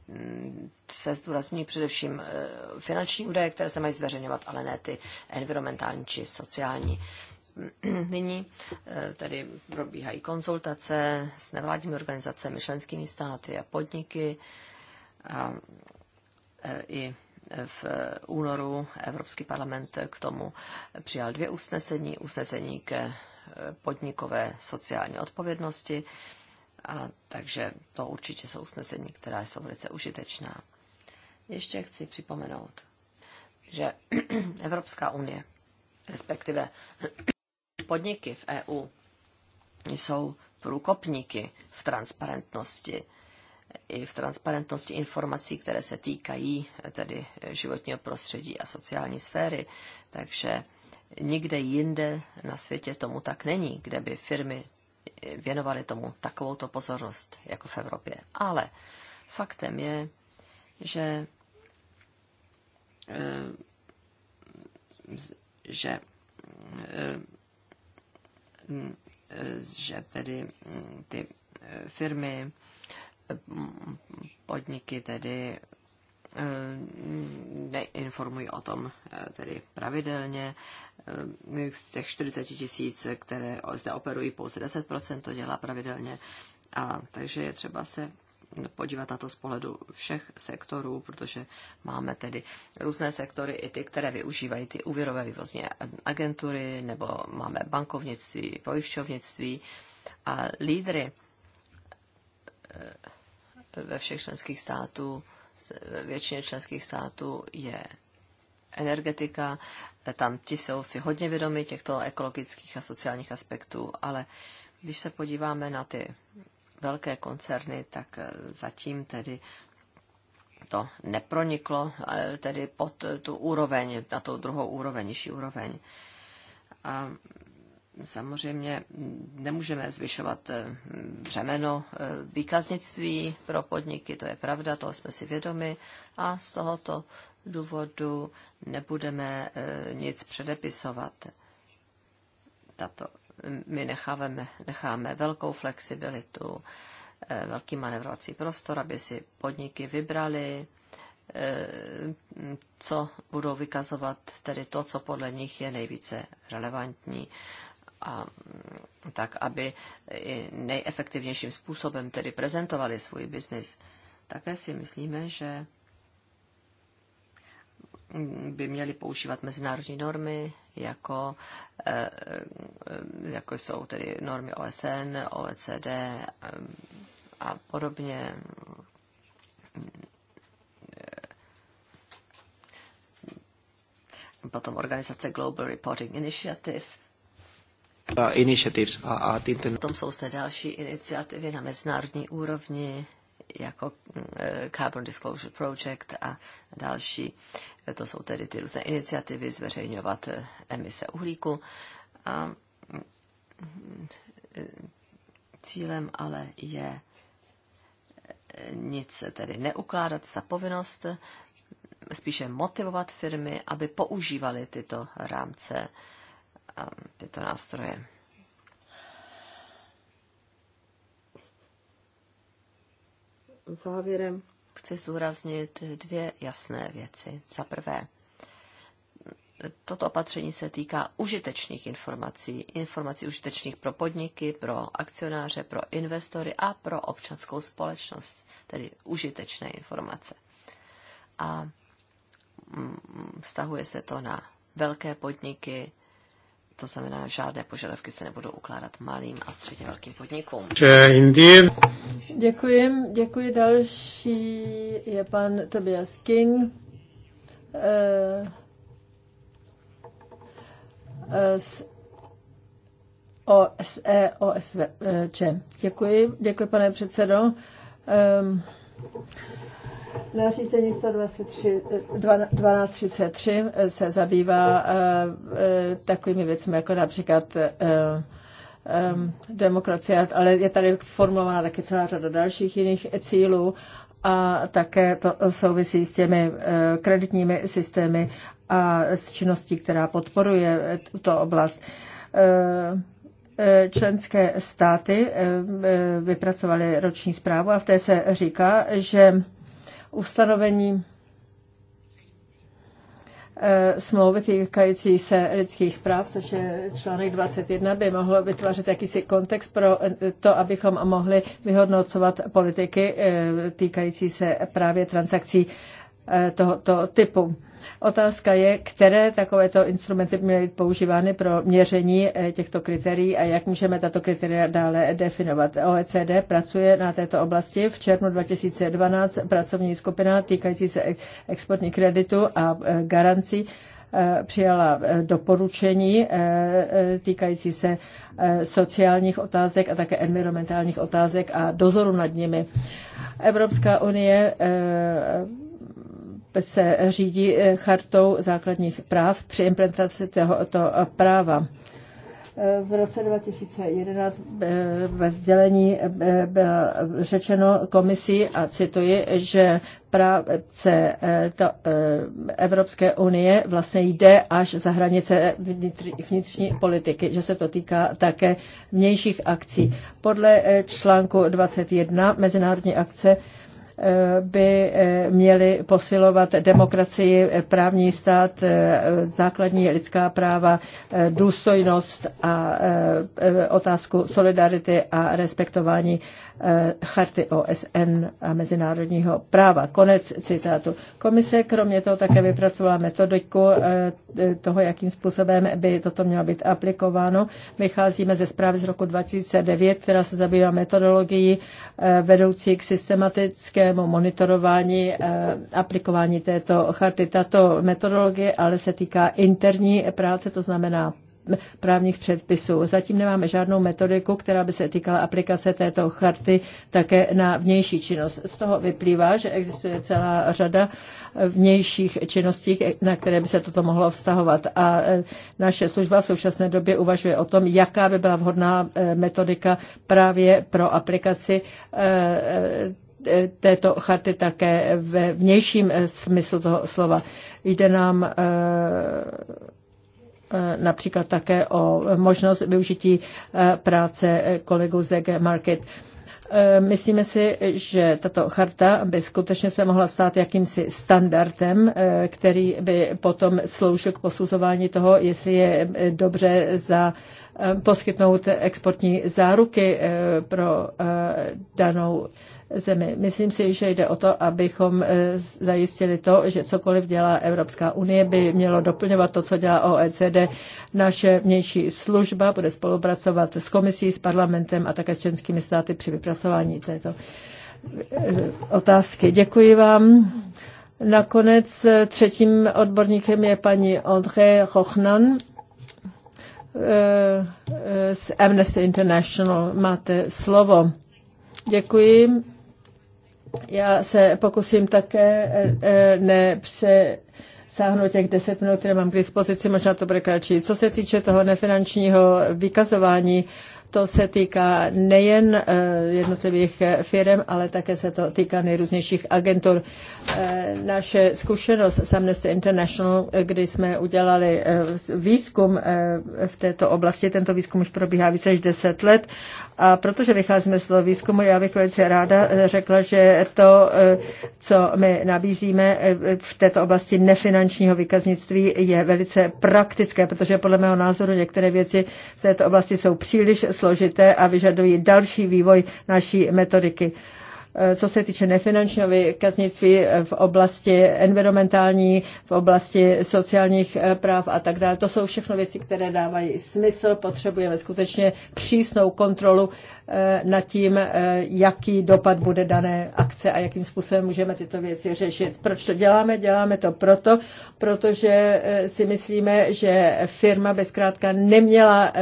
se zdůrazní především eh, finanční údaje, které se mají zveřejňovat, ale ne ty environmentální či sociální. Nyní eh, tady probíhají konzultace s nevládními organizacemi, členskými státy a podniky. A I v únoru Evropský parlament k tomu přijal dvě usnesení. Usnesení ke podnikové sociální odpovědnosti a takže to určitě jsou usnesení, která jsou velice užitečná. Ještě chci připomenout, že Evropská unie, respektive podniky v EU, jsou průkopníky v transparentnosti i v transparentnosti informací, které se týkají tedy životního prostředí a sociální sféry. Takže nikde jinde na světě tomu tak není, kde by firmy věnovali tomu takovouto pozornost jako v Evropě. Ale faktem je, že eh, že eh, že tedy mm, ty eh, firmy, podniky tedy Eh, neinformují o tom eh, tedy pravidelně. Eh, z těch 40 tisíc, které zde operují, pouze 10% to dělá pravidelně. A takže je třeba se podívat na to z pohledu všech sektorů, protože máme tedy různé sektory, i ty, které využívají ty úvěrové vývozní agentury, nebo máme bankovnictví, pojišťovnictví a lídry ve všech členských států ve většině členských států je energetika. Tam ti jsou si hodně vědomi těchto ekologických a sociálních aspektů, ale když se podíváme na ty velké koncerny, tak eh, zatím tedy to neproniklo eh, tedy pod tu úroveň, na tu druhou úroveň, nižší úroveň. A samozřejmě nemůžeme zvyšovat eh, břemeno eh, výkaznictví pro podniky, to je pravda, toho jsme si vědomi a z tohoto důvodu nebudeme eh, nic předepisovat. Tato, my necháváme, necháme velkou flexibilitu, velký manevrovací prostor, aby si podniky vybrali, co budou vykazovat, tedy to, co podle nich je nejvíce relevantní a tak, aby nejefektivnějším způsobem tedy prezentovali svůj biznis. Také si myslíme, že by měli používat mezinárodní normy, jako, e, e, jako jsou tedy normy OSN, OECD e, a podobně. Potom organizace Global Reporting Initiative Potom jsou zde další iniciativy na mezinárodní úrovni, jako eh, Carbon Disclosure Project a další. To jsou tedy ty různé iniciativy zveřejňovat eh, emise uhlíku. A eh, cílem ale je nic tedy neukládat za povinnost, spíše motivovat firmy, aby používaly tyto rámce tyto nástroje. Závěrem chci zdůraznit dvě jasné věci. Za prvé, toto opatření se týká užitečných informací. Informací užitečných pro podniky, pro akcionáře, pro investory a pro občanskou společnost. Tedy užitečné informace. A mm, vztahuje se to na velké podniky, to znamená, žádné požadavky se nebudou ukládat malým a středně velkým podnikům. Děkuji, děkuji. Další je pan Tobias King eh, eh, OSE, OSVČ. Eh, děkuji, děkuji pane předsedo. Ehm, Nařízení 1233 eh, se zabývá eh, eh, takovými věcmi, jako například demokracie, ale je tady formulována taky celá řada dalších jiných cílů a také to souvisí s těmi kreditními systémy a s činností, která podporuje tuto oblast členské státy vypracovaly roční zprávu a v té se říká, že ustanovení eh, smlouvy týkající se lidských práv, což je článek 21, by mohlo vytvářet jakýsi kontext pro eh, to, abychom mohli vyhodnocovat politiky eh, týkající se právě transakcí Eh, tohoto typu. Otázka je, které takovéto instrumenty měly být používány pro měření eh, těchto kritérií a jak můžeme tato kritéria dále definovat. OECD pracuje na této oblasti. V červnu 2012 pracovní skupina týkající se exportní kreditu a eh, garancí přijala doporučení týkající se sociálních otázek a také environmentálních otázek a dozoru nad nimi. Evropská unie se řídí eh, chartou základních práv při implementaci tohoto práva. Eh, v roce 2011 eh, ve sdělení bylo řečeno komisí, a cituji, že práce to, Evropské unie vlastně jde až za hranice vnitř, vnitřní politiky, že se to týká také vnějších akcí. Podle článku 21 Mezinárodní akce by eh, měly posilovat demokracii, právní stát, eh, základní lidská práva, eh, důstojnost a otázku solidarity a respektování Eh, charty OSN a mezinárodního práva. Konec citátu. Komise kromě toho také vypracovala metodiku eh, toho, jakým způsobem by toto mělo být aplikováno. Vycházíme ze zprávy z roku 2009, která se zabývá metodologií eh, vedoucí k systematickému monitorování aplikování této charty. Tato metodologie ale se týká interní práce, to znamená právních předpisů. Zatím nemáme žádnou metodiku, která by se týkala aplikace této charty také na vnější činnost. Z toho vyplývá, že existuje celá řada vnějších činností, na které by se toto mohlo vztahovat. A e, naše služba v současné době uvažuje o tom, jaká by byla vhodná e, metodika právě pro aplikaci e, této charty také ve vnějším smyslu toho slova. Jde nám Eh, například také o možnost využití eh, práce kolegů z EG Market. Eh, myslíme si, že tato charta by skutečně se mohla stát jakýmsi standardem, který by potom sloužil k posuzování toho, jestli je dobře za Eh, poskytnout exportní záruky eh, pro eh, danou zemi. Myslím si, že jde o to, abychom zajistili to, že cokoliv dělá Evropská unie, by mělo doplňovat to, co dělá OECD. Naše vnější služba bude spolupracovat s komisí, s parlamentem a také s členskými státy při vypracování této otázky. Děkuji vám. Nakonec třetím odborníkem je paní André Rochnan. Eh, eh, z Amnesty International. Máte slovo. Děkuji. Já se pokusím také eh, nepře sáhnout těch 10 minut, které mám k dispozici, možná to bude kratší. Co se týče toho nefinančního vykazování, to se týká nejen eh, jednotlivých eh, firm, ale také se to týká nejrůznějších agentur. Eh, naše zkušenost s Amnesty International, kdy jsme udělali výzkum v této oblasti, tento výzkum už probíhá více než 10 let a protože vycházíme z toho výzkumu, já bych velice ráda eh, řekla, že to, eh, co my nabízíme eh, v této oblasti nefinančního výkaznictví, je velice praktické, protože podle mého názoru některé věci v této oblasti jsou příliš složité a vyžadují další vývoj naší metodiky. Eh, co se týče nefinančního vykaznictví eh, v oblasti environmentální, v oblasti sociálních eh, práv a tak dále. To jsou všechno věci, které dávají smysl. Potřebujeme skutečně přísnou kontrolu nad tím, jaký dopad bude dané akce a jakým způsobem můžeme tyto věci řešit. Proč to děláme? Děláme to proto, protože si myslíme, že firma by zkrátka neměla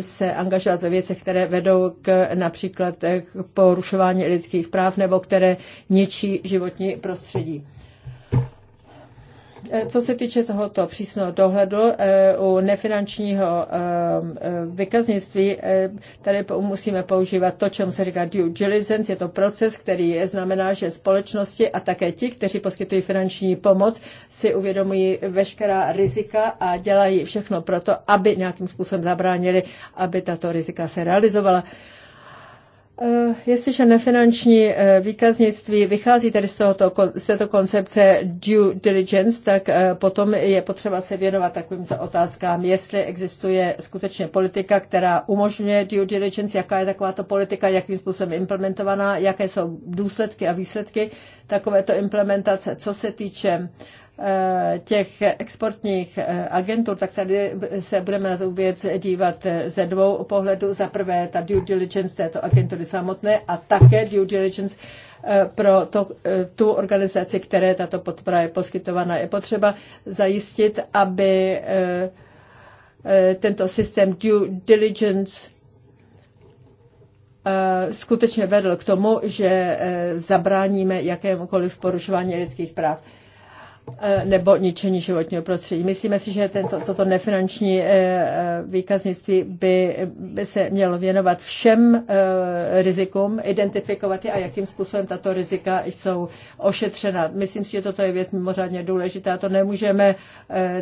se angažovat ve věcech, které vedou k například k porušování lidských práv nebo které ničí životní prostředí. Eh, co se týče tohoto přísného dohledu eh, u nefinančního ehm, eh, vykaznictví, tady musíme používat to, čemu se říká due diligence. Je to proces, který je, znamená, že společnosti a také ti, kteří poskytují finanční pomoc, si uvědomují veškerá rizika a dělají všechno proto, aby nějakým způsobem zabránili, aby tato rizika se realizovala. Eh, jestliže nefinanční eh, výkaznictví vychází tedy z, tohoto, z této koncepce due diligence, tak eh, potom je potřeba se věnovat takovýmto otázkám, jestli existuje skutečně politika, která umožňuje due diligence, jaká je takováto politika, jakým způsobem implementovaná, jaké jsou důsledky a výsledky takovéto implementace, co se týče uh, Eh, těch exportních eh, agentur, tak tady se budeme na tu věc dívat ze dvou pohledů. Za prvé ta due diligence této agentury samotné a také due diligence eh, pro to, tu organizaci, které tato podpora je poskytována. Je potřeba zajistit, aby tento systém due diligence skutečně vedl k tomu, že zabráníme jakémukoliv porušování lidských práv. Eh, nebo ničení životního prostředí. Myslíme si, že tento, toto nefinanční eh, eh, výkaznictví by, by se mělo věnovat všem rizikům, identifikovat je a jakým způsobem tato rizika jsou ošetřena. Myslím si, že toto je věc mimořádně důležitá. To nemůžeme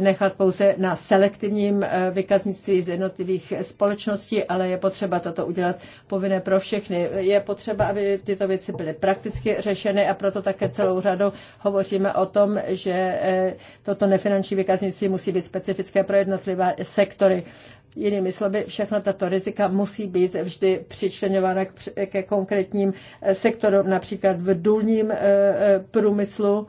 nechat pouze na selektivním výkaznictví z jednotlivých společností, ale je potřeba toto udělat povinné pro všechny. Je potřeba, aby tyto věci byly prakticky řešeny a proto také celou řadu hovoříme o tom, že že eh, toto nefinanční vykaznictví musí být specifické pro jednotlivé sektory. Jinými slovy, všechno tato rizika musí být vždy přičlenována ke konkrétním eh, sektorům, například v důlním eh, průmyslu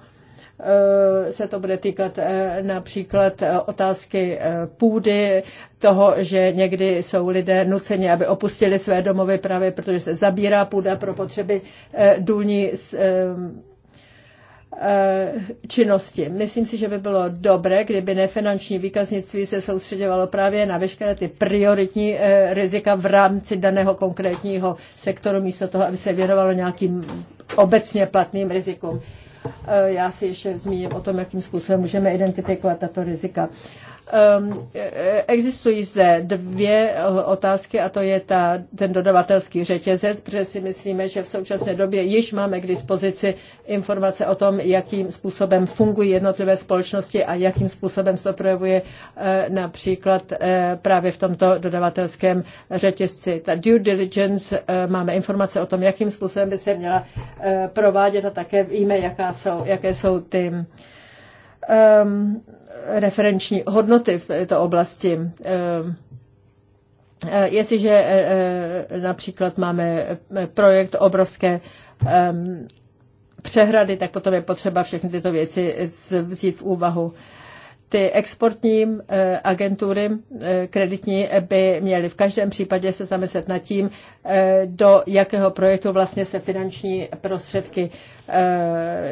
se to bude týkat například otázky půdy, toho, že někdy jsou lidé nuceni, aby opustili své domovy právě protože se zabírá půda pro potřeby důlní Eh, činnosti. Myslím si, že by bylo dobré, kdyby nefinanční výkaznictví se soustředovalo právě na veškeré ty prioritní eh, rizika v rámci daného konkrétního sektoru, místo toho, aby se věnovalo nějakým obecně platným rizikům. Eh, já si ještě zmíním o tom, jakým způsobem můžeme identifikovat tato rizika. Ehm, existují zde dvě otázky a to je ta, ten dodavatelský řetězec, protože si myslíme, že v současné době již máme k dispozici informace o tom, jakým způsobem fungují jednotlivé společnosti a jakým způsobem se to projevuje eh, například eh, právě v tomto dodavatelském řetězci. Ta due diligence, eh, máme informace o tom, jakým způsobem by se měla provádět a také víme, jaká jsou, jaké jsou ty um, referenční hodnoty v této oblasti. Ehm, eh, jestliže eh, eh, například máme projekt obrovské ehm, přehrady, tak potom je potřeba všechny tyto věci vzít v úvahu ty exportní eh, agentury eh, kreditní by měly v každém případě se zamyslet nad tím, eh, do jakého projektu vlastně se finanční prostředky,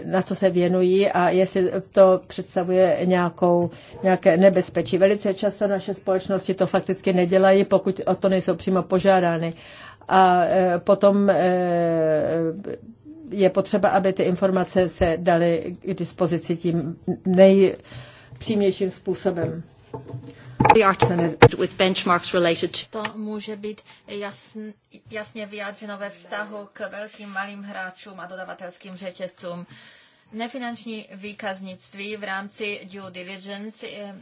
na co se věnují a jestli to představuje nějakou, nějaké nebezpečí. Velice často naše společnosti to fakticky nedělají, pokud o to nejsou přímo požádány. A potom je potřeba, aby ty informace se daly k dispozici tím nej přímějším způsobem. To může být jasn, jasně vyjádřeno ve vztahu k velkým malým hráčům a dodavatelským řetězcům. Nefinanční výkaznictví v rámci due diligence eh,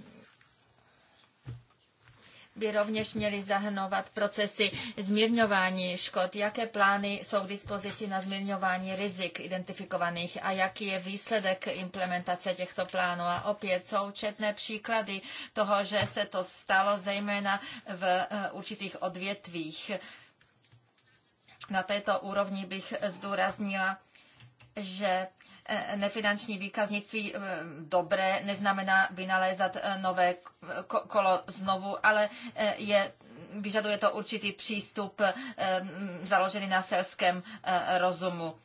by rovněž měly zahrnovat procesy zmírňování škod. Jaké plány jsou k dispozici na zmírňování rizik identifikovaných a jaký je výsledek implementace těchto plánů? A opět jsou četné příklady toho, že se to stalo zejména v eh, určitých odvětvích. Na této úrovni bych zdůraznila, že Eh, nefinanční výkaznictví eh, dobré neznamená vynalézat eh, nové kolo znovu, ale je vyžaduje to určitý přístup založený na selském rozumu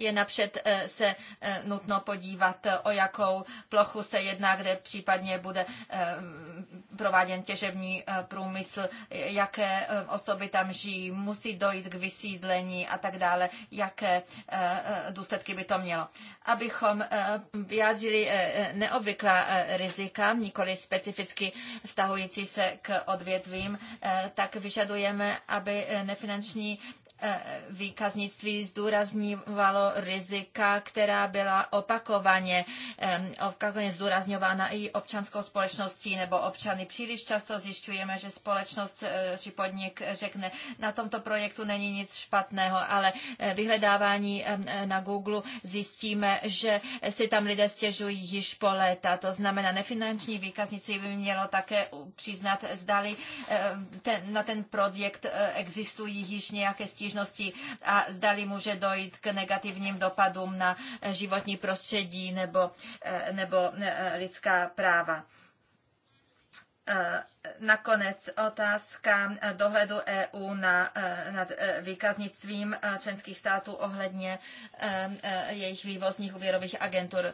je napřed eh, se eh, nutno podívat, eh, o jakou plochu se jedná, kde případně bude prováděn těžební průmysl, jaké osoby tam žijí, musí dojít k vysídlení a tak dále, jaké důsledky by to mělo. Abychom vyjádřili neobvyklá rizika, nikoli specificky vztahující se k odvětvím, tak vyžadujeme, aby nefinanční Eh, výkaznictví zdůrazňovalo rizika, která byla opakovaně, opakovaně zdůrazňována i občanskou společností nebo občany. Příliš často zjišťujeme, že společnost eh, či podnik řekne, na tomto projektu není nic špatného, ale eh, vyhledávání na Google zjistíme, že si tam lidé stěžují již po léta. To znamená, nefinanční výkaznictví by mělo také přiznat, zdali ten, na ten projekt existují již nějaké stížnosti stížností a zdali může dojít k negativním dopadům na eh, životní prostředí nebo, eh, nebo eh, lidská práva Nakonec otázka dohledu EU na, e, nad e, výkaznictvím e, členských států ohledně jejich vývozních úvěrových agentur.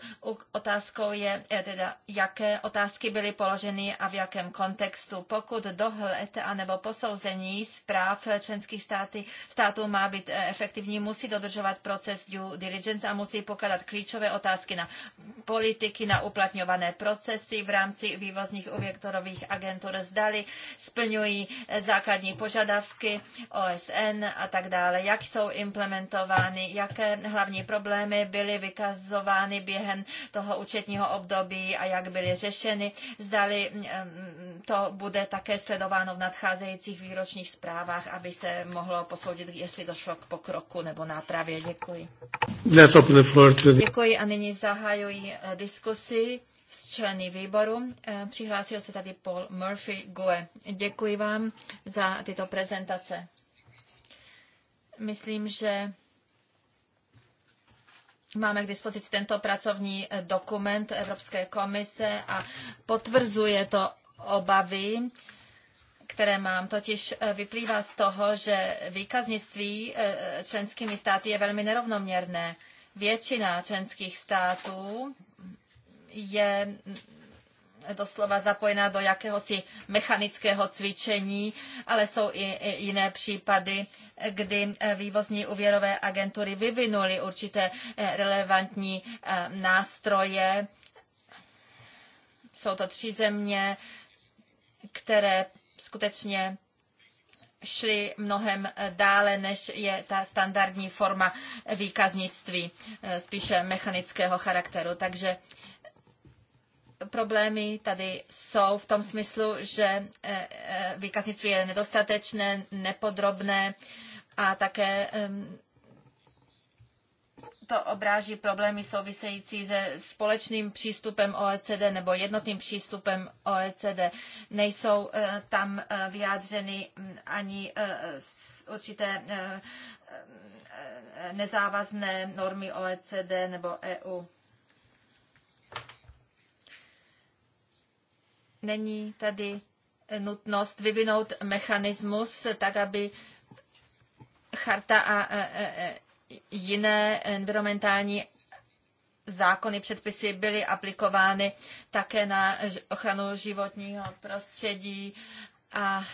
Otázkou je teda, jaké otázky byly položeny a v jakém kontextu. Pokud dohled anebo posouzení zpráv členských státy, států má být efektivní, musí dodržovat proces due diligence a musí pokládat klíčové otázky na politiky, na uplatňované procesy v rámci vývozních úvěrových agentur zdali splňují eh, základní požadavky OSN a tak dále, jak jsou implementovány, jaké hlavní problémy byly vykazovány během toho účetního období a jak byly řešeny, zdali mm, mm, to bude také sledováno v nadcházejících výročních zprávách, aby se mohlo posoudit, jestli došlo k pokroku nebo nápravě. Děkuji. Děkuji a nyní zahajuji eh, diskusi s členy výboru. E, přihlásil se tady Paul Murphy Gue. Děkuji vám za tyto prezentace. Myslím, že Máme k dispozici tento pracovní e, dokument Evropské komise a potvrzuje to obavy, které mám. Totiž e, vyplývá z toho, že výkaznictví členskými státy je velmi nerovnoměrné. Většina členských států je doslova zapojena do jakéhosi mechanického cvičení, ale jsou i jiné případy, kdy eh, vývozní úvěrové agentury vyvinuly určité eh, relevantní eh, nástroje. Jsou to tři země, které skutečně šly mnohem dále, než je ta standardní forma výkaznictví, spíše mechanického charakteru. Takže problémy tady jsou v tom smyslu, že e, e, výkaznictví je nedostatečné, nepodrobné a také to obráží problémy související se společným přístupem OECD nebo jednotným přístupem OECD. Nejsou e, tam vyjádřeny ani určité nezávazné normy OECD nebo EU. není tady nutnost vyvinout mechanismus, tak aby charta a e, e, e, jiné environmentální zákony, předpisy byly aplikovány také na ochranu životního prostředí a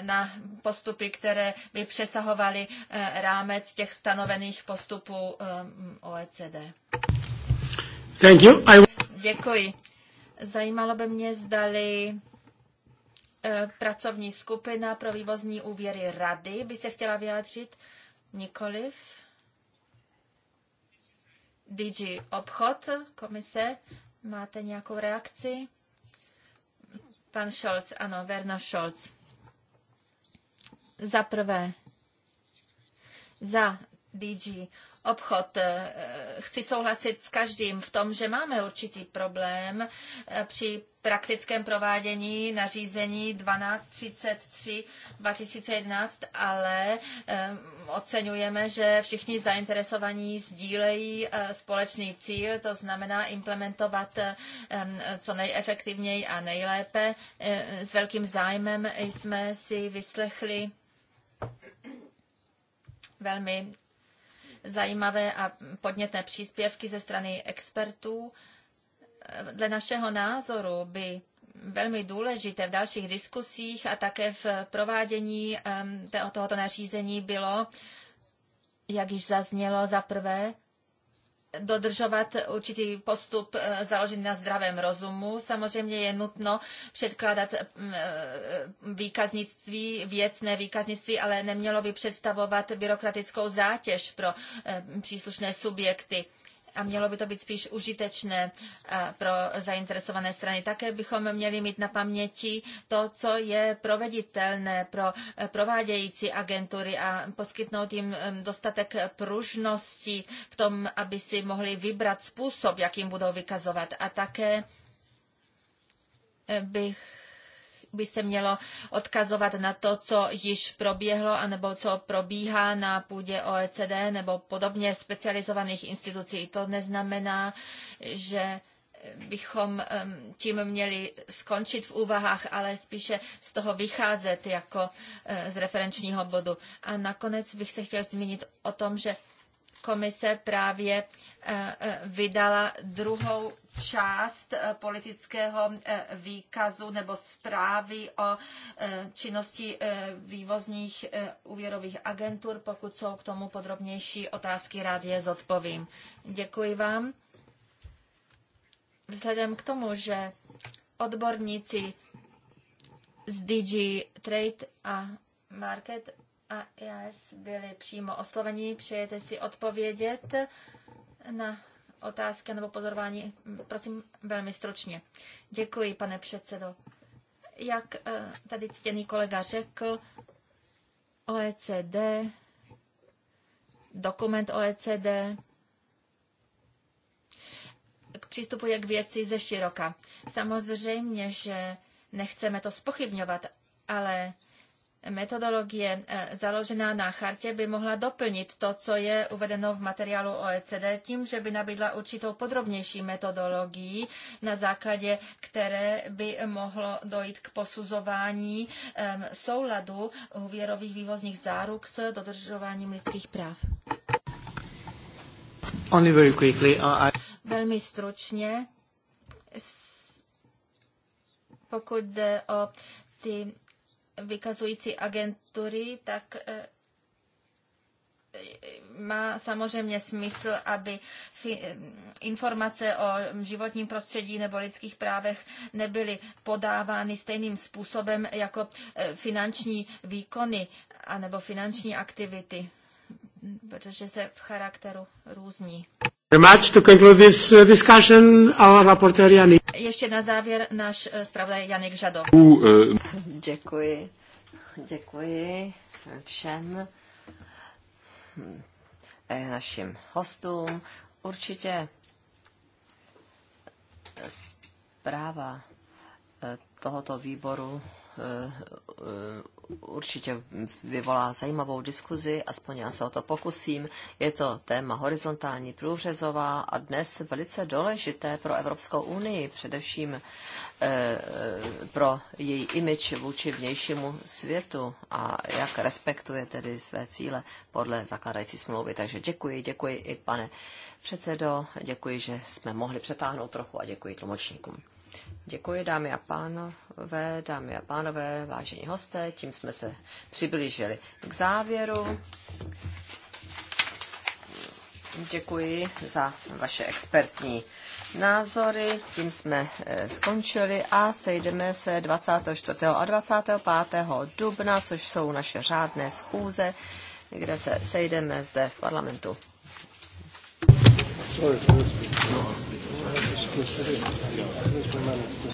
na postupy, které by přesahovaly rámec těch stanovených postupů OECD. Thank you. I... Děkuji. Zajímalo by mě, zdali e, pracovní skupina pro vývozní úvěry rady by se chtěla vyjádřit. Nikoliv. DG obchod, komise, máte nějakou reakci? Pan Scholz, ano, Werner Scholz. Za prvé, za DG obchod. Eh, chci souhlasit s každým v tom, že máme určitý problém eh, při praktickém provádění nařízení 1233 2011, ale eh, oceňujeme, že všichni zainteresovaní sdílejí společný cíl, to znamená implementovat co nejefektivněji a nejlépe. S velkým zájmem jsme si vyslechli velmi zajímavé a podnětné příspěvky ze strany expertů. Dle našeho názoru by velmi důležité v dalších diskusích a také v provádění tohoto nařízení bylo, jak již zaznělo, za prvé dodržovat určitý postup eh, založený na zdravém rozumu. Samozřejmě je nutno předkládat mm, eh, výkaznictví, věcné výkaznictví, ale nemělo by představovat byrokratickou zátěž pro eh, příslušné subjekty a mělo by to být spíš užitečné eh, pro zainteresované strany. Také bychom měli mít na paměti to, co je proveditelné pro eh, provádějící agentury a poskytnout jim eh, dostatek pružnosti v tom, aby si mohli vybrat způsob, jakým budou vykazovat. A také bych by se mělo odkazovat na to, co již proběhlo anebo co probíhá na půdě OECD nebo podobně specializovaných institucí. To neznamená, že bychom tím měli skončit v úvahách, ale spíše z toho vycházet jako eh, z referenčního bodu. A nakonec bych se chtěl zmínit o tom, že komise právě eh, eh, vydala druhou část eh, politického výkazu nebo zprávy o činnosti vývozních úvěrových agentur. Pokud jsou k tomu podrobnější otázky, rád je zodpovím. Děkuji vám. Vzhledem k tomu, že odborníci z DG Trade a Market a IAS byli přímo osloveni. Přejete si odpovědět na otázky nebo pozorování? Prosím, velmi stručně. Děkuji, pane předsedo. Jak eh, tady ctěný kolega řekl, OECD, dokument OECD, přistupuje k věci ze široka. Samozřejmě, že nechceme to spochybňovat, ale metodologie eh, založená na chartě by mohla doplnit to, co je uvedeno v materiálu OECD, tím, že by nabídla určitou podrobnější metodologii, na základě které by mohlo dojít k posuzování eh, souladu úvěrových vývozních záruk s dodržováním lidských práv. Only very quickly, uh, I... Velmi stručně, pokud jde o ty vykazující agentury, tak eh, má samozřejmě smysl, aby eh, informace o životním prostředí nebo lidských právech nebyly podávány stejným způsobem jako eh, finanční výkony anebo finanční aktivity, protože se v charakteru různí. Uh, Ještě na závěr náš uh, zpravodaj Janik Žado. Uh, Děkuji. Děkuji všem hm, našim hostům. Určitě zpráva eh, tohoto výboru eh, eh, určitě vyvolá zajímavou diskuzi, aspoň já se o to pokusím. Je to téma horizontální průřezová a dnes velice důležité pro Evropskou unii, především eh, eh, pro její imič vůči vnějšímu světu a jak respektuje tedy své cíle podle zakladající smlouvy. Takže děkuji, děkuji i pane předsedo, děkuji, že jsme mohli přetáhnout trochu a děkuji tlumočníkům. Děkuji, dámy a pánové, dámy a pánové, vážení hosté, tím jsme se přiblížili k závěru. Děkuji za vaše expertní názory. Tím jsme eh, skončili a sejdeme se 24. a 25. dubna, což jsou naše řádné schůze, kde se sejdeme zde v parlamentu. Sorry, discusso.